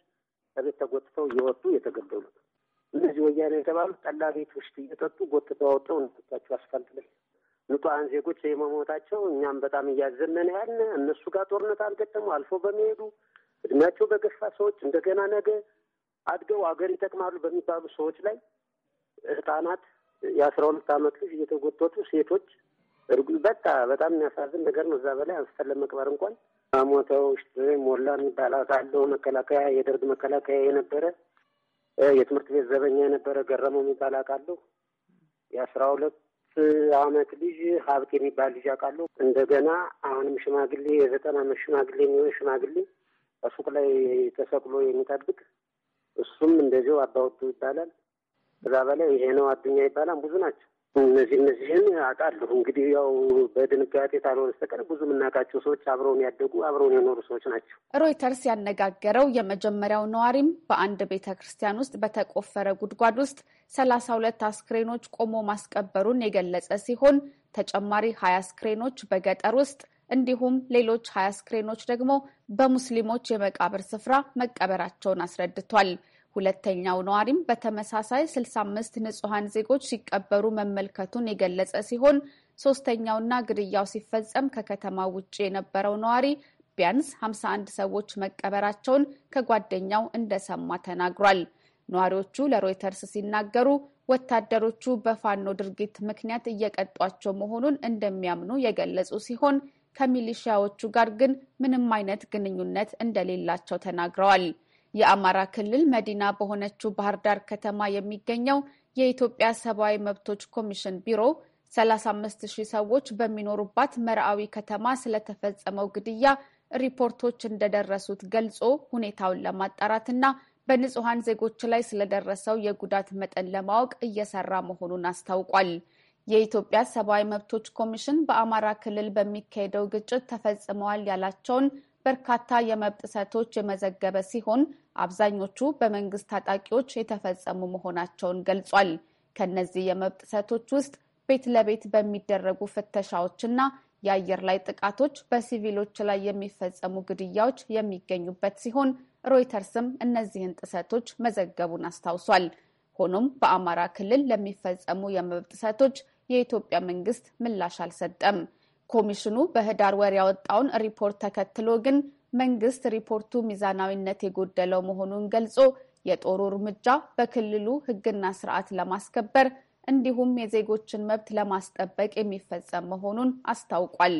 ከቤት ተጎትተው እየወጡ የተገደሉት እነዚህ ወያኔ የተባሉት ጠላ ቤት ውስጥ እየጠጡ ጎትተው አወጣው ነቶቻቸው አስፋልት ላይ ንጹሐን ዜጎች የመሞታቸው እኛም በጣም እያዘነን ያለ እነሱ ጋር ጦርነት አልገጠሙ አልፎ በሚሄዱ እድሜያቸው በገፋ ሰዎች እንደገና ነገ አድገው አገር ይጠቅማሉ በሚባሉ ሰዎች ላይ ህጻናት የአስራ ሁለት አመት ልጅ እየተጎተቱ ሴቶች በቃ በጣም የሚያሳዝን ነገር ነው። እዛ በላይ አንስተን ለመቅበር እንኳን ሞተው ሞላ የሚባል አለው መከላከያ የደርግ መከላከያ የነበረ የትምህርት ቤት ዘበኛ የነበረ ገረመው የሚባል አቃለሁ የአስራ ሁለት አመት ልጅ ሀብት የሚባል ልጅ አውቃለሁ። እንደገና አሁንም ሽማግሌ የዘጠና አመት ሽማግሌ የሚሆን ሽማግሌ ሱቅ ላይ ተሰቅሎ የሚጠብቅ እሱም እንደዚው አባወዱ ይባላል። እዛ በላይ ይሄ ነው አዱኛ ይባላል። ብዙ ናቸው። እነዚህ እነዚህን አውቃለሁ። እንግዲህ ያው በድንጋጤ ካልሆነ በስተቀር ብዙ የምናውቃቸው ሰዎች አብረውን ያደጉ አብረውን የኖሩ ሰዎች ናቸው። ሮይተርስ ያነጋገረው የመጀመሪያው ነዋሪም በአንድ ቤተ ክርስቲያን ውስጥ በተቆፈረ ጉድጓድ ውስጥ ሰላሳ ሁለት አስክሬኖች ቆሞ ማስቀበሩን የገለጸ ሲሆን ተጨማሪ ሀያ አስክሬኖች በገጠር ውስጥ እንዲሁም ሌሎች ሀያ አስክሬኖች ደግሞ በሙስሊሞች የመቃብር ስፍራ መቀበራቸውን አስረድቷል። ሁለተኛው ነዋሪም በተመሳሳይ 65 ንጹሐን ዜጎች ሲቀበሩ መመልከቱን የገለጸ ሲሆን ሶስተኛውና ግድያው ሲፈጸም ከከተማ ውጭ የነበረው ነዋሪ ቢያንስ 51 ሰዎች መቀበራቸውን ከጓደኛው እንደሰማ ተናግሯል። ነዋሪዎቹ ለሮይተርስ ሲናገሩ ወታደሮቹ በፋኖ ድርጊት ምክንያት እየቀጧቸው መሆኑን እንደሚያምኑ የገለጹ ሲሆን ከሚሊሺያዎቹ ጋር ግን ምንም አይነት ግንኙነት እንደሌላቸው ተናግረዋል። የአማራ ክልል መዲና በሆነችው ባህር ዳር ከተማ የሚገኘው የኢትዮጵያ ሰብአዊ መብቶች ኮሚሽን ቢሮ 35 ሺህ ሰዎች በሚኖሩባት መርአዊ ከተማ ስለተፈጸመው ግድያ ሪፖርቶች እንደደረሱት ገልጾ ሁኔታውን ለማጣራትና በንጹሐን ዜጎች ላይ ስለደረሰው የጉዳት መጠን ለማወቅ እየሰራ መሆኑን አስታውቋል። የኢትዮጵያ ሰብአዊ መብቶች ኮሚሽን በአማራ ክልል በሚካሄደው ግጭት ተፈጽመዋል ያላቸውን በርካታ የመብት ጥሰቶች የመዘገበ ሲሆን አብዛኞቹ በመንግስት ታጣቂዎች የተፈጸሙ መሆናቸውን ገልጿል። ከነዚህ የመብት ጥሰቶች ውስጥ ቤት ለቤት በሚደረጉ ፍተሻዎችና የአየር ላይ ጥቃቶች፣ በሲቪሎች ላይ የሚፈጸሙ ግድያዎች የሚገኙበት ሲሆን ሮይተርስም እነዚህን ጥሰቶች መዘገቡን አስታውሷል። ሆኖም በአማራ ክልል ለሚፈጸሙ የመብት ጥሰቶች የኢትዮጵያ መንግስት ምላሽ አልሰጠም። ኮሚሽኑ በህዳር ወር ያወጣውን ሪፖርት ተከትሎ ግን መንግስት ሪፖርቱ ሚዛናዊነት የጎደለው መሆኑን ገልጾ የጦሩ እርምጃ በክልሉ ህግና ስርዓት ለማስከበር እንዲሁም የዜጎችን መብት ለማስጠበቅ የሚፈጸም መሆኑን አስታውቋል።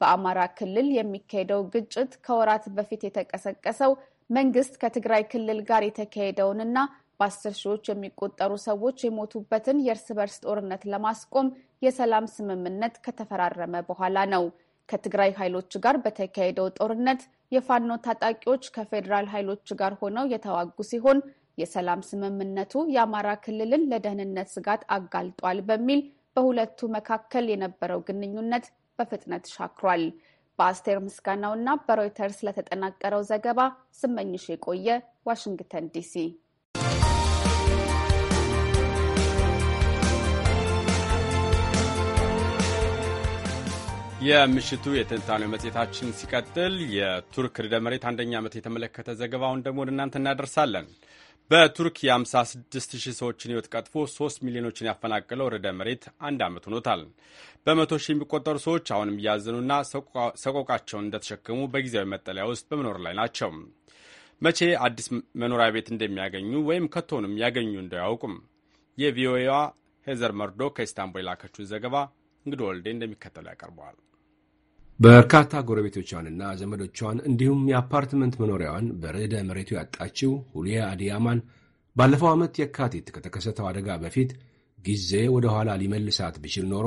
በአማራ ክልል የሚካሄደው ግጭት ከወራት በፊት የተቀሰቀሰው መንግስት ከትግራይ ክልል ጋር የተካሄደውንና በአስር ሺዎች የሚቆጠሩ ሰዎች የሞቱበትን የእርስ በርስ ጦርነት ለማስቆም የሰላም ስምምነት ከተፈራረመ በኋላ ነው። ከትግራይ ኃይሎች ጋር በተካሄደው ጦርነት የፋኖ ታጣቂዎች ከፌዴራል ኃይሎች ጋር ሆነው የተዋጉ ሲሆን የሰላም ስምምነቱ የአማራ ክልልን ለደህንነት ስጋት አጋልጧል በሚል በሁለቱ መካከል የነበረው ግንኙነት በፍጥነት ሻክሯል። በአስቴር ምስጋናውና በሮይተርስ ለተጠናቀረው ዘገባ ስመኝሽ የቆየ ዋሽንግተን ዲሲ። የምሽቱ የትንታኔ መጽሔታችን ሲቀጥል የቱርክ ርዕደ መሬት አንደኛ ዓመት የተመለከተ ዘገባውን ደግሞ ወደ እናንተ እናደርሳለን። በቱርክ የ56 ሺህ ሰዎችን ሕይወት ቀጥፎ 3 ሚሊዮኖችን ያፈናቀለው ርዕደ መሬት አንድ ዓመት ሆኖታል። በመቶ ሺህ የሚቆጠሩ ሰዎች አሁንም እያዘኑና ሰቆቃቸውን እንደተሸከሙ በጊዜያዊ መጠለያ ውስጥ በመኖር ላይ ናቸው። መቼ አዲስ መኖሪያ ቤት እንደሚያገኙ ወይም ከቶንም ያገኙ እንደው አያውቁም። የቪኦኤዋ ሄዘር መርዶ ከኢስታንቡል የላከችውን ዘገባ እንግዶ ወልዴ እንደሚከተለው ያቀርበዋል። በርካታ ጎረቤቶቿንና ዘመዶቿን እንዲሁም የአፓርትመንት መኖሪያዋን በርዕደ መሬቱ ያጣችው ሁሊያ አዲያማን ባለፈው ዓመት የካቲት ከተከሰተው አደጋ በፊት ጊዜ ወደ ኋላ ሊመልሳት ቢችል ኖሮ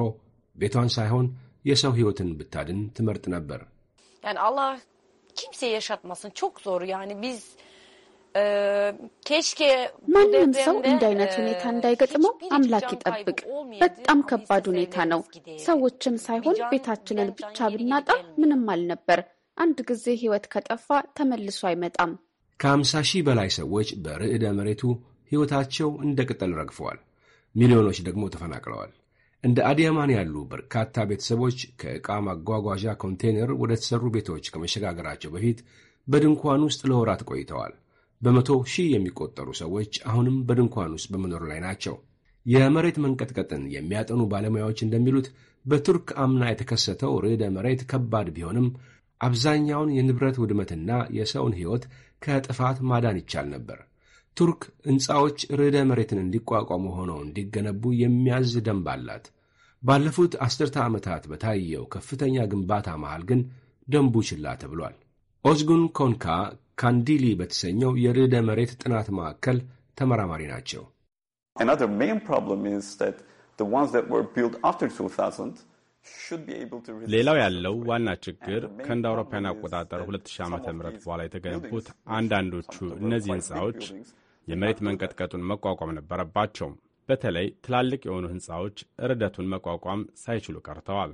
ቤቷን ሳይሆን የሰው ሕይወትን ብታድን ትመርጥ ነበር። ማንም ሰው እንዲህ አይነት ሁኔታ እንዳይገጥመው አምላክ ይጠብቅ። በጣም ከባድ ሁኔታ ነው። ሰዎችን ሳይሆን ቤታችንን ብቻ ብናጣ ምንም አልነበር። አንድ ጊዜ ሕይወት ከጠፋ ተመልሶ አይመጣም። ከአምሳ ሺህ በላይ ሰዎች በርዕደ መሬቱ ሕይወታቸው እንደ ቅጠል ረግፈዋል። ሚሊዮኖች ደግሞ ተፈናቅለዋል። እንደ አዲያማን ያሉ በርካታ ቤተሰቦች ከዕቃ ማጓጓዣ ኮንቴይነር ወደ ተሠሩ ቤቶች ከመሸጋገራቸው በፊት በድንኳን ውስጥ ለወራት ቆይተዋል። በመቶ ሺህ የሚቆጠሩ ሰዎች አሁንም በድንኳን ውስጥ በመኖር ላይ ናቸው። የመሬት መንቀጥቀጥን የሚያጠኑ ባለሙያዎች እንደሚሉት በቱርክ አምና የተከሰተው ርዕደ መሬት ከባድ ቢሆንም አብዛኛውን የንብረት ውድመትና የሰውን ሕይወት ከጥፋት ማዳን ይቻል ነበር። ቱርክ ሕንፃዎች ርዕደ መሬትን እንዲቋቋሙ ሆነው እንዲገነቡ የሚያዝ ደንብ አላት። ባለፉት አስርተ ዓመታት በታየው ከፍተኛ ግንባታ መሃል ግን ደንቡ ችላ ተብሏል። ኦዝጉን ኮንካ ካንዲሊ በተሰኘው የርዕደ መሬት ጥናት ማዕከል ተመራማሪ ናቸው። ሌላው ያለው ዋና ችግር ከእንደ አውሮፓውያን አቆጣጠር 2000 ዓ ም በኋላ የተገነቡት አንዳንዶቹ እነዚህ ህንፃዎች የመሬት መንቀጥቀጡን መቋቋም ነበረባቸው። በተለይ ትላልቅ የሆኑ ህንፃዎች ርደቱን መቋቋም ሳይችሉ ቀርተዋል።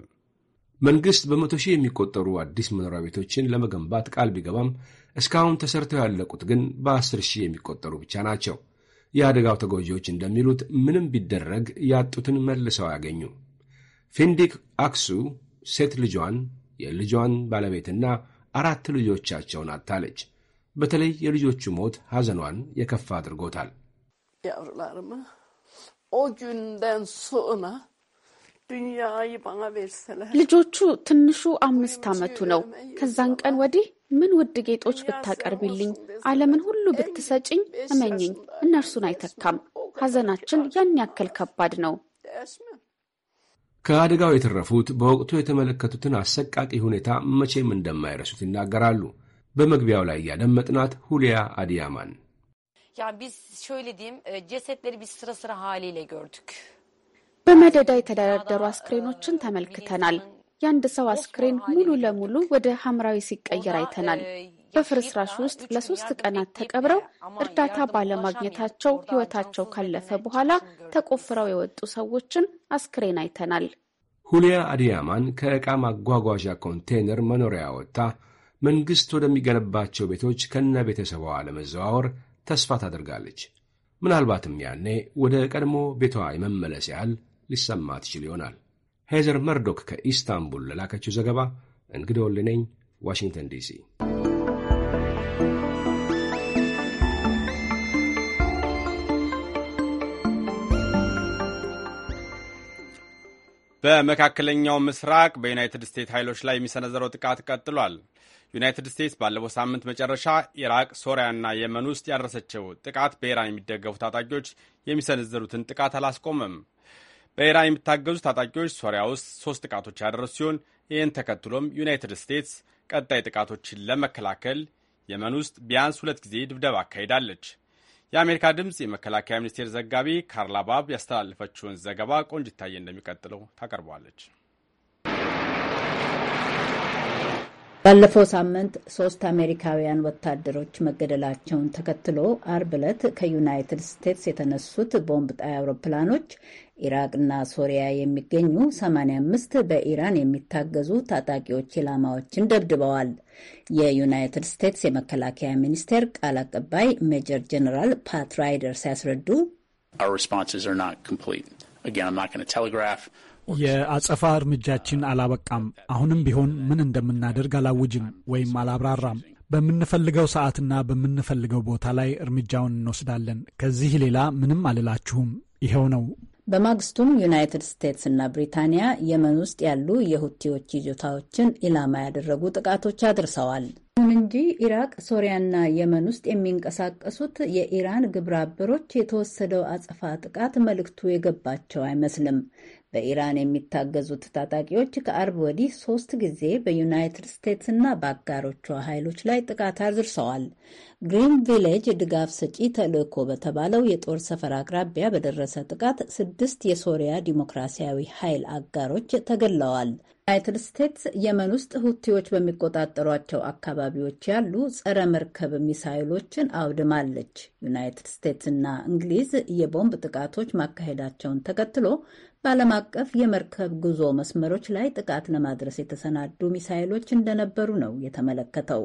መንግሥት በመቶ ሺህ የሚቆጠሩ አዲስ መኖሪያ ቤቶችን ለመገንባት ቃል ቢገባም እስካሁን ተሰርተው ያለቁት ግን በአስር ሺህ የሚቆጠሩ ብቻ ናቸው። የአደጋው ተጎጂዎች እንደሚሉት ምንም ቢደረግ ያጡትን መልሰው አያገኙ። ፊንዲክ አክሱ ሴት ልጇን፣ የልጇን ባለቤትና አራት ልጆቻቸውን አጥታለች። በተለይ የልጆቹ ሞት ሐዘኗን የከፋ አድርጎታል። ልጆቹ ትንሹ አምስት ዓመቱ ነው። ከዛን ቀን ወዲህ ምን ውድ ጌጦች ብታቀርቢልኝ፣ ዓለምን ሁሉ ብትሰጭኝ፣ እመኝኝ እነርሱን አይተካም። ሐዘናችን ያን ያክል ከባድ ነው። ከአደጋው የተረፉት በወቅቱ የተመለከቱትን አሰቃቂ ሁኔታ መቼም እንደማይረሱት ይናገራሉ። በመግቢያው ላይ ያደመጥናት ሁሊያ አዲያማን ያ በመደዳ የተደረደሩ አስክሬኖችን ተመልክተናል። የአንድ ሰው አስክሬን ሙሉ ለሙሉ ወደ ሐምራዊ ሲቀየር አይተናል። በፍርስራሽ ውስጥ ለሶስት ቀናት ተቀብረው እርዳታ ባለማግኘታቸው ሕይወታቸው ካለፈ በኋላ ተቆፍረው የወጡ ሰዎችን አስክሬን አይተናል። ሁሊያ አዲያማን ከዕቃ ማጓጓዣ ኮንቴይነር መኖሪያ ወጥታ መንግሥት ወደሚገነባቸው ቤቶች ከነ ቤተሰቧ ለመዘዋወር ተስፋ ታደርጋለች። ምናልባትም ያኔ ወደ ቀድሞ ቤቷ የመመለስ ያህል ሊሰማ ትችል ይሆናል። ሄዘር መርዶክ ከኢስታንቡል ለላከችው ዘገባ እንግዳ ዋሽንግተን ዲሲ። በመካከለኛው ምስራቅ በዩናይትድ ስቴትስ ኃይሎች ላይ የሚሰነዘረው ጥቃት ቀጥሏል። ዩናይትድ ስቴትስ ባለፈው ሳምንት መጨረሻ ኢራቅ፣ ሶሪያና የመን ውስጥ ያደረሰችው ጥቃት በኢራን የሚደገፉ ታጣቂዎች የሚሰነዘሩትን ጥቃት አላስቆመም። በኢራን የሚታገዙ ታጣቂዎች ሶሪያ ውስጥ ሶስት ጥቃቶች ያደረሱ ሲሆን ይህን ተከትሎም ዩናይትድ ስቴትስ ቀጣይ ጥቃቶችን ለመከላከል የመን ውስጥ ቢያንስ ሁለት ጊዜ ድብደባ አካሂዳለች። የአሜሪካ ድምፅ የመከላከያ ሚኒስቴር ዘጋቢ ካርላ ባብ ያስተላለፈችውን ዘገባ ቆንጅታዬ እንደሚቀጥለው ታቀርበዋለች። ባለፈው ሳምንት ሶስት አሜሪካውያን ወታደሮች መገደላቸውን ተከትሎ አርብ ዕለት ከዩናይትድ ስቴትስ የተነሱት ቦምብ ጣይ አውሮፕላኖች ኢራቅና ሶሪያ የሚገኙ 85 በኢራን የሚታገዙ ታጣቂዎች ኢላማዎችን ደብድበዋል። የዩናይትድ ስቴትስ የመከላከያ ሚኒስቴር ቃል አቀባይ ሜጀር ጀነራል ፓት ራይደር ሲያስረዱ የአጸፋ እርምጃችን አላበቃም። አሁንም ቢሆን ምን እንደምናደርግ አላውጅም ወይም አላብራራም። በምንፈልገው ሰዓትና በምንፈልገው ቦታ ላይ እርምጃውን እንወስዳለን። ከዚህ ሌላ ምንም አልላችሁም። ይኸው ነው። በማግስቱም ዩናይትድ ስቴትስ እና ብሪታንያ የመን ውስጥ ያሉ የሁቲዎች ይዞታዎችን ኢላማ ያደረጉ ጥቃቶች አድርሰዋል። ይሁን እንጂ ኢራቅ፣ ሶሪያና የመን ውስጥ የሚንቀሳቀሱት የኢራን ግብረ አበሮች የተወሰደው አጸፋ ጥቃት መልእክቱ የገባቸው አይመስልም። በኢራን የሚታገዙት ታጣቂዎች ከአርብ ወዲህ ሶስት ጊዜ በዩናይትድ ስቴትስ በአጋሮቿ ኃይሎች ላይ ጥቃት አድርሰዋል። ግሪን ቪሌጅ ድጋፍ ሰጪ ተልዕኮ በተባለው የጦር ሰፈር አቅራቢያ በደረሰ ጥቃት ስድስት የሶሪያ ዲሞክራሲያዊ ኃይል አጋሮች ተገለዋል። ዩናይትድ ስቴትስ የመን ውስጥ ሁቲዎች በሚቆጣጠሯቸው አካባቢዎች ያሉ ጸረ መርከብ ሚሳይሎችን አውድማለች። ዩናይትድ ስቴትስ እንግሊዝ የቦምብ ጥቃቶች ማካሄዳቸውን ተከትሎ በዓለም አቀፍ የመርከብ ጉዞ መስመሮች ላይ ጥቃት ለማድረስ የተሰናዱ ሚሳይሎች እንደነበሩ ነው የተመለከተው።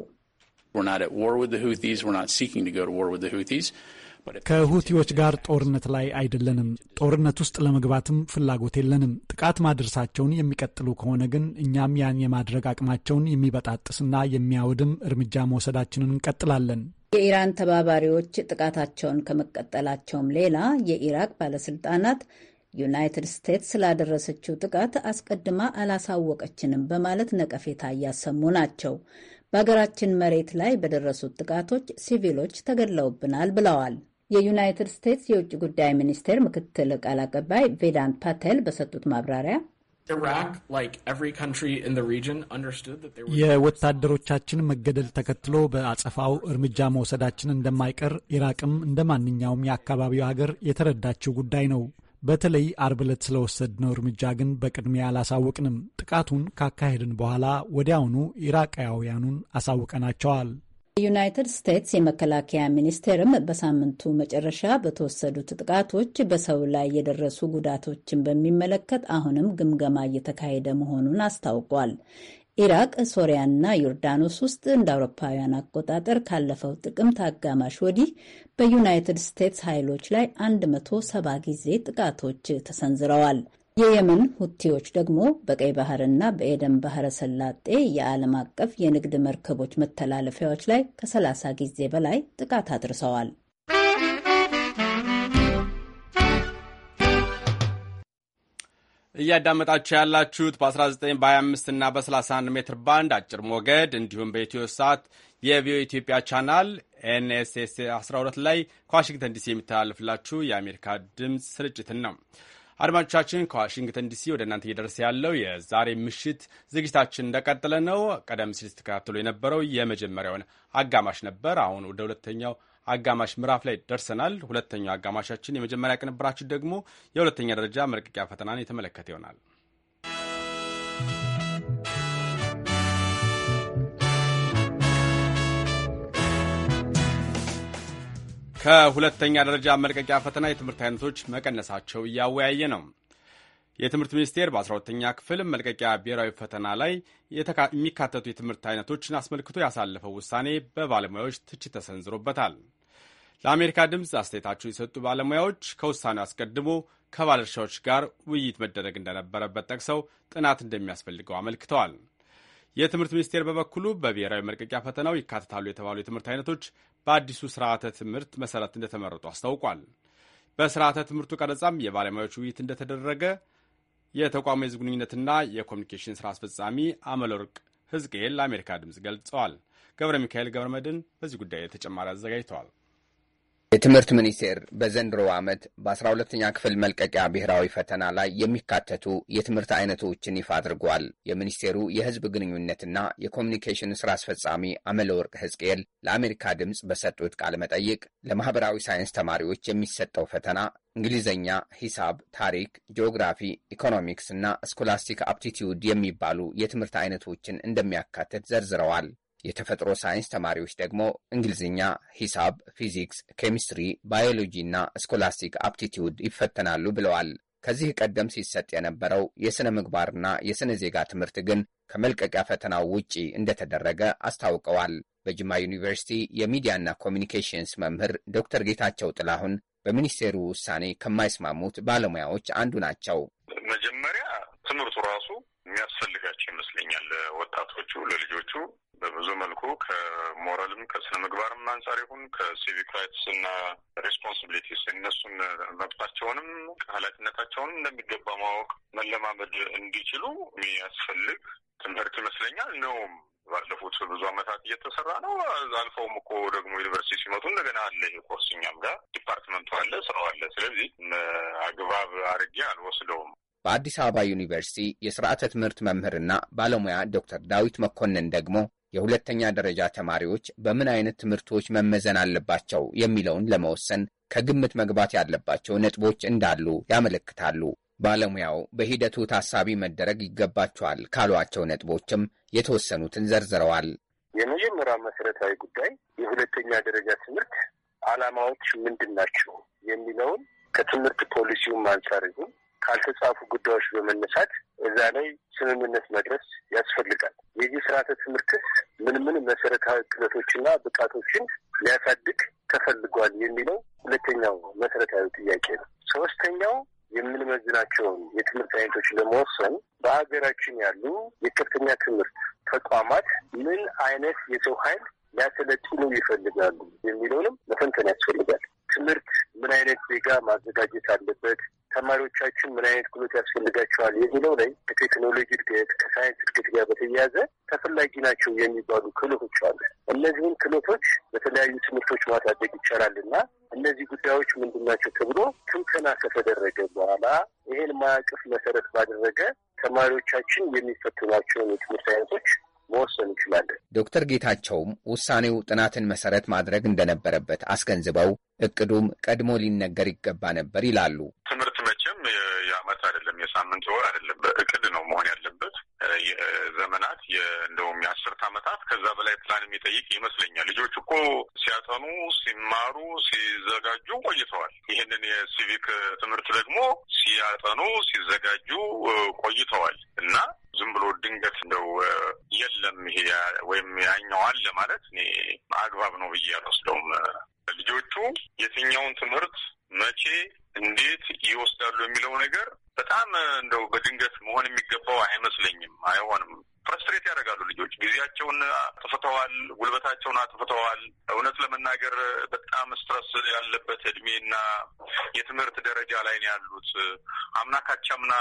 ከሁቲዎች ጋር ጦርነት ላይ አይደለንም። ጦርነት ውስጥ ለመግባትም ፍላጎት የለንም። ጥቃት ማድረሳቸውን የሚቀጥሉ ከሆነ ግን እኛም ያን የማድረግ አቅማቸውን የሚበጣጥስና የሚያወድም እርምጃ መውሰዳችንን እንቀጥላለን። የኢራን ተባባሪዎች ጥቃታቸውን ከመቀጠላቸውም ሌላ የኢራቅ ባለስልጣናት ዩናይትድ ስቴትስ ስላደረሰችው ጥቃት አስቀድማ አላሳወቀችንም በማለት ነቀፌታ እያሰሙ ናቸው። በሀገራችን መሬት ላይ በደረሱት ጥቃቶች ሲቪሎች ተገድለውብናል ብለዋል። የዩናይትድ ስቴትስ የውጭ ጉዳይ ሚኒስቴር ምክትል ቃል አቀባይ ቬዳንት ፓቴል በሰጡት ማብራሪያ የወታደሮቻችን መገደል ተከትሎ በአጸፋው እርምጃ መውሰዳችን እንደማይቀር ኢራቅም እንደ ማንኛውም የአካባቢው ሀገር የተረዳችው ጉዳይ ነው። በተለይ አርብ ዕለት ስለወሰድነው እርምጃ ግን በቅድሚያ አላሳወቅንም። ጥቃቱን ካካሄድን በኋላ ወዲያውኑ ኢራቃውያኑን አሳውቀናቸዋል። የዩናይትድ ስቴትስ የመከላከያ ሚኒስቴርም በሳምንቱ መጨረሻ በተወሰዱት ጥቃቶች በሰው ላይ የደረሱ ጉዳቶችን በሚመለከት አሁንም ግምገማ እየተካሄደ መሆኑን አስታውቋል። ኢራቅ፣ ሶሪያና ዮርዳኖስ ውስጥ እንደ አውሮፓውያን አቆጣጠር ካለፈው ጥቅምት አጋማሽ ወዲህ በዩናይትድ ስቴትስ ኃይሎች ላይ 170 ጊዜ ጥቃቶች ተሰንዝረዋል። የየመን ሁቲዎች ደግሞ በቀይ ባህርና በኤደን ባህረ ሰላጤ የዓለም አቀፍ የንግድ መርከቦች መተላለፊያዎች ላይ ከ30 ጊዜ በላይ ጥቃት አድርሰዋል። እያዳመጣችሁ ያላችሁት በ19 በ25 እና በ31 ሜትር ባንድ አጭር ሞገድ እንዲሁም በኢትዮ ሳት የቪኦ ኢትዮጵያ ቻናል ኤንኤስኤስ 12 ላይ ከዋሽንግተን ዲሲ የሚተላልፍላችሁ የአሜሪካ ድምፅ ስርጭትን ነው። አድማጮቻችን ከዋሽንግተን ዲሲ ወደ እናንተ እየደረሰ ያለው የዛሬ ምሽት ዝግጅታችን እንደቀጠለ ነው። ቀደም ሲል ስትከታተሉ የነበረው የመጀመሪያውን አጋማሽ ነበር። አሁን ወደ ሁለተኛው አጋማሽ ምዕራፍ ላይ ደርሰናል። ሁለተኛው አጋማሻችን የመጀመሪያ ቅንብራችን ደግሞ የሁለተኛ ደረጃ መልቀቂያ ፈተናን የተመለከተ ይሆናል። ከሁለተኛ ደረጃ መልቀቂያ ፈተና የትምህርት አይነቶች መቀነሳቸው እያወያየ ነው። የትምህርት ሚኒስቴር በ12ተኛ ክፍል መልቀቂያ ብሔራዊ ፈተና ላይ የሚካተቱ የትምህርት አይነቶችን አስመልክቶ ያሳለፈው ውሳኔ በባለሙያዎች ትችት ተሰንዝሮበታል። ለአሜሪካ ድምፅ አስተያየታቸውን የሰጡ ባለሙያዎች ከውሳኔው አስቀድሞ ከባለድርሻዎች ጋር ውይይት መደረግ እንደነበረበት ጠቅሰው ጥናት እንደሚያስፈልገው አመልክተዋል። የትምህርት ሚኒስቴር በበኩሉ በብሔራዊ መልቀቂያ ፈተናው ይካተታሉ የተባሉ የትምህርት አይነቶች በአዲሱ ስርዓተ ትምህርት መሰረት እንደተመረጡ አስታውቋል። በስርዓተ ትምህርቱ ቀረጻም የባለሙያዎች ውይይት እንደተደረገ የተቋሙ የሕዝብ ግንኙነትና የኮሚኒኬሽን ስራ አስፈጻሚ አመለወርቅ ሕዝቅኤል ለአሜሪካ ድምፅ ገልጸዋል። ገብረ ሚካኤል ገብረ መድን በዚህ ጉዳይ ተጨማሪ አዘጋጅተዋል። የትምህርት ሚኒስቴር በዘንድሮ ዓመት በ 12 ተኛ ክፍል መልቀቂያ ብሔራዊ ፈተና ላይ የሚካተቱ የትምህርት አይነቶችን ይፋ አድርጓል። የሚኒስቴሩ የህዝብ ግንኙነትና የኮሚኒኬሽን ስራ አስፈጻሚ አመለወርቅ ህዝቅኤል ለአሜሪካ ድምፅ በሰጡት ቃለ መጠይቅ ለማህበራዊ ሳይንስ ተማሪዎች የሚሰጠው ፈተና እንግሊዝኛ፣ ሂሳብ፣ ታሪክ፣ ጂኦግራፊ፣ ኢኮኖሚክስ እና ስኮላስቲክ አፕቲቲዩድ የሚባሉ የትምህርት አይነቶችን እንደሚያካትት ዘርዝረዋል። የተፈጥሮ ሳይንስ ተማሪዎች ደግሞ እንግሊዝኛ፣ ሂሳብ፣ ፊዚክስ፣ ኬሚስትሪ፣ ባዮሎጂ እና ስኮላስቲክ አፕቲቲዩድ ይፈተናሉ ብለዋል። ከዚህ ቀደም ሲሰጥ የነበረው የሥነ ምግባርና የሥነ ዜጋ ትምህርት ግን ከመልቀቂያ ፈተናው ውጪ እንደተደረገ አስታውቀዋል። በጅማ ዩኒቨርሲቲ የሚዲያና ኮሚኒኬሽንስ መምህር ዶክተር ጌታቸው ጥላሁን በሚኒስቴሩ ውሳኔ ከማይስማሙት ባለሙያዎች አንዱ ናቸው። መጀመሪያ ትምህርቱ ራሱ የሚያስፈልጋቸው ይመስለኛል። ወጣቶቹ ለልጆቹ በብዙ መልኩ ከሞራልም ከስነ ምግባርም አንጻር ይሁን ከሲቪክ ራይትስ እና ሬስፖንሲቢሊቲስ እነሱን መብታቸውንም ኃላፊነታቸውንም እንደሚገባ ማወቅ መለማመድ እንዲችሉ የሚያስፈልግ ትምህርት ይመስለኛል ነውም ባለፉት ብዙ ዓመታት እየተሰራ ነው። አልፈውም እኮ ደግሞ ዩኒቨርሲቲ ሲመጡ እንደገና አለ ይሄ ኮርስ እኛም ጋር ዲፓርትመንቱ አለ፣ ስራው አለ። ስለዚህ አግባብ አድርጌ አልወስደውም። በአዲስ አበባ ዩኒቨርሲቲ የስርዓተ ትምህርት መምህርና ባለሙያ ዶክተር ዳዊት መኮንን ደግሞ የሁለተኛ ደረጃ ተማሪዎች በምን አይነት ትምህርቶች መመዘን አለባቸው የሚለውን ለመወሰን ከግምት መግባት ያለባቸው ነጥቦች እንዳሉ ያመለክታሉ። ባለሙያው በሂደቱ ታሳቢ መደረግ ይገባቸዋል ካሏቸው ነጥቦችም የተወሰኑትን ዘርዝረዋል። የመጀመሪያ መሰረታዊ ጉዳይ የሁለተኛ ደረጃ ትምህርት ዓላማዎች ምንድን ናቸው የሚለውን ከትምህርት ፖሊሲውም አንጻር ይሁን ካልተጻፉ ጉዳዮች በመነሳት እዛ ላይ ስምምነት መድረስ ያስፈልጋል። የዚህ ስርዓተ ትምህርትስ ምን ምን መሰረታዊ ክለቶችና ብቃቶችን ሊያሳድግ ተፈልጓል የሚለው ሁለተኛው መሰረታዊ ጥያቄ ነው። ሶስተኛው የምንመዝናቸውን የትምህርት አይነቶች ለመወሰን በሀገራችን ያሉ የከፍተኛ ትምህርት ተቋማት ምን አይነት የሰው ኃይል ሊያሰለጥኑ ይፈልጋሉ የሚለውንም መፈንተን ያስፈልጋል። ትምህርት ምን አይነት ዜጋ ማዘጋጀት አለበት፣ ተማሪዎቻችን ምን አይነት ክህሎት ያስፈልጋቸዋል የሚለው ላይ ከቴክኖሎጂ እድገት ከሳይንስ እድገት ጋር በተያያዘ ተፈላጊ ናቸው የሚባሉ ክህሎቶች አሉ። እነዚህን ክህሎቶች በተለያዩ ትምህርቶች ማሳደግ ይቻላል እና እነዚህ ጉዳዮች ምንድን ናቸው ተብሎ ትንተና ከተደረገ በኋላ ይህን ማዕቀፍ መሰረት ባደረገ ተማሪዎቻችን የሚፈትኗቸውን የትምህርት አይነቶች መወሰን እንችላለን። ዶክተር ጌታቸውም ውሳኔው ጥናትን መሰረት ማድረግ እንደነበረበት አስገንዝበው እቅዱም ቀድሞ ሊነገር ይገባ ነበር ይላሉ። ትምህርት መቼም የአመት አይደለም፣ የሳምንት ወር አይደለም፣ እቅድ ነው መሆን ያለበት። ዘመናት እንደውም የአስርት ዓመታት ከዛ በላይ ፕላን የሚጠይቅ ይመስለኛል። ልጆች እኮ ሲያጠኑ፣ ሲማሩ፣ ሲዘጋጁ ቆይተዋል። ይህንን የሲቪክ ትምህርት ደግሞ ሲያጠኑ፣ ሲዘጋጁ ቆይተዋል እና ዝም ብሎ ድንገት እንደው የለም ይሄ ወይም ያኛው አለ ማለት እኔ አግባብ ነው ብዬ አልወስደውም። ልጆቹ የትኛውን ትምህርት መቼ፣ እንዴት ይወስዳሉ የሚለው ነገር በጣም እንደው በድንገት መሆን የሚገባው አይመስለኝም፣ አይሆንም። ፍረስትሬት ያደርጋሉ። ልጆች ጊዜያቸውን አጥፍተዋል፣ ጉልበታቸውን አጥፍተዋል። እውነት ለመናገር በጣም ስትረስ ያለበት እድሜና የትምህርት ደረጃ ላይ ነው ያሉት። አምና ካቻምና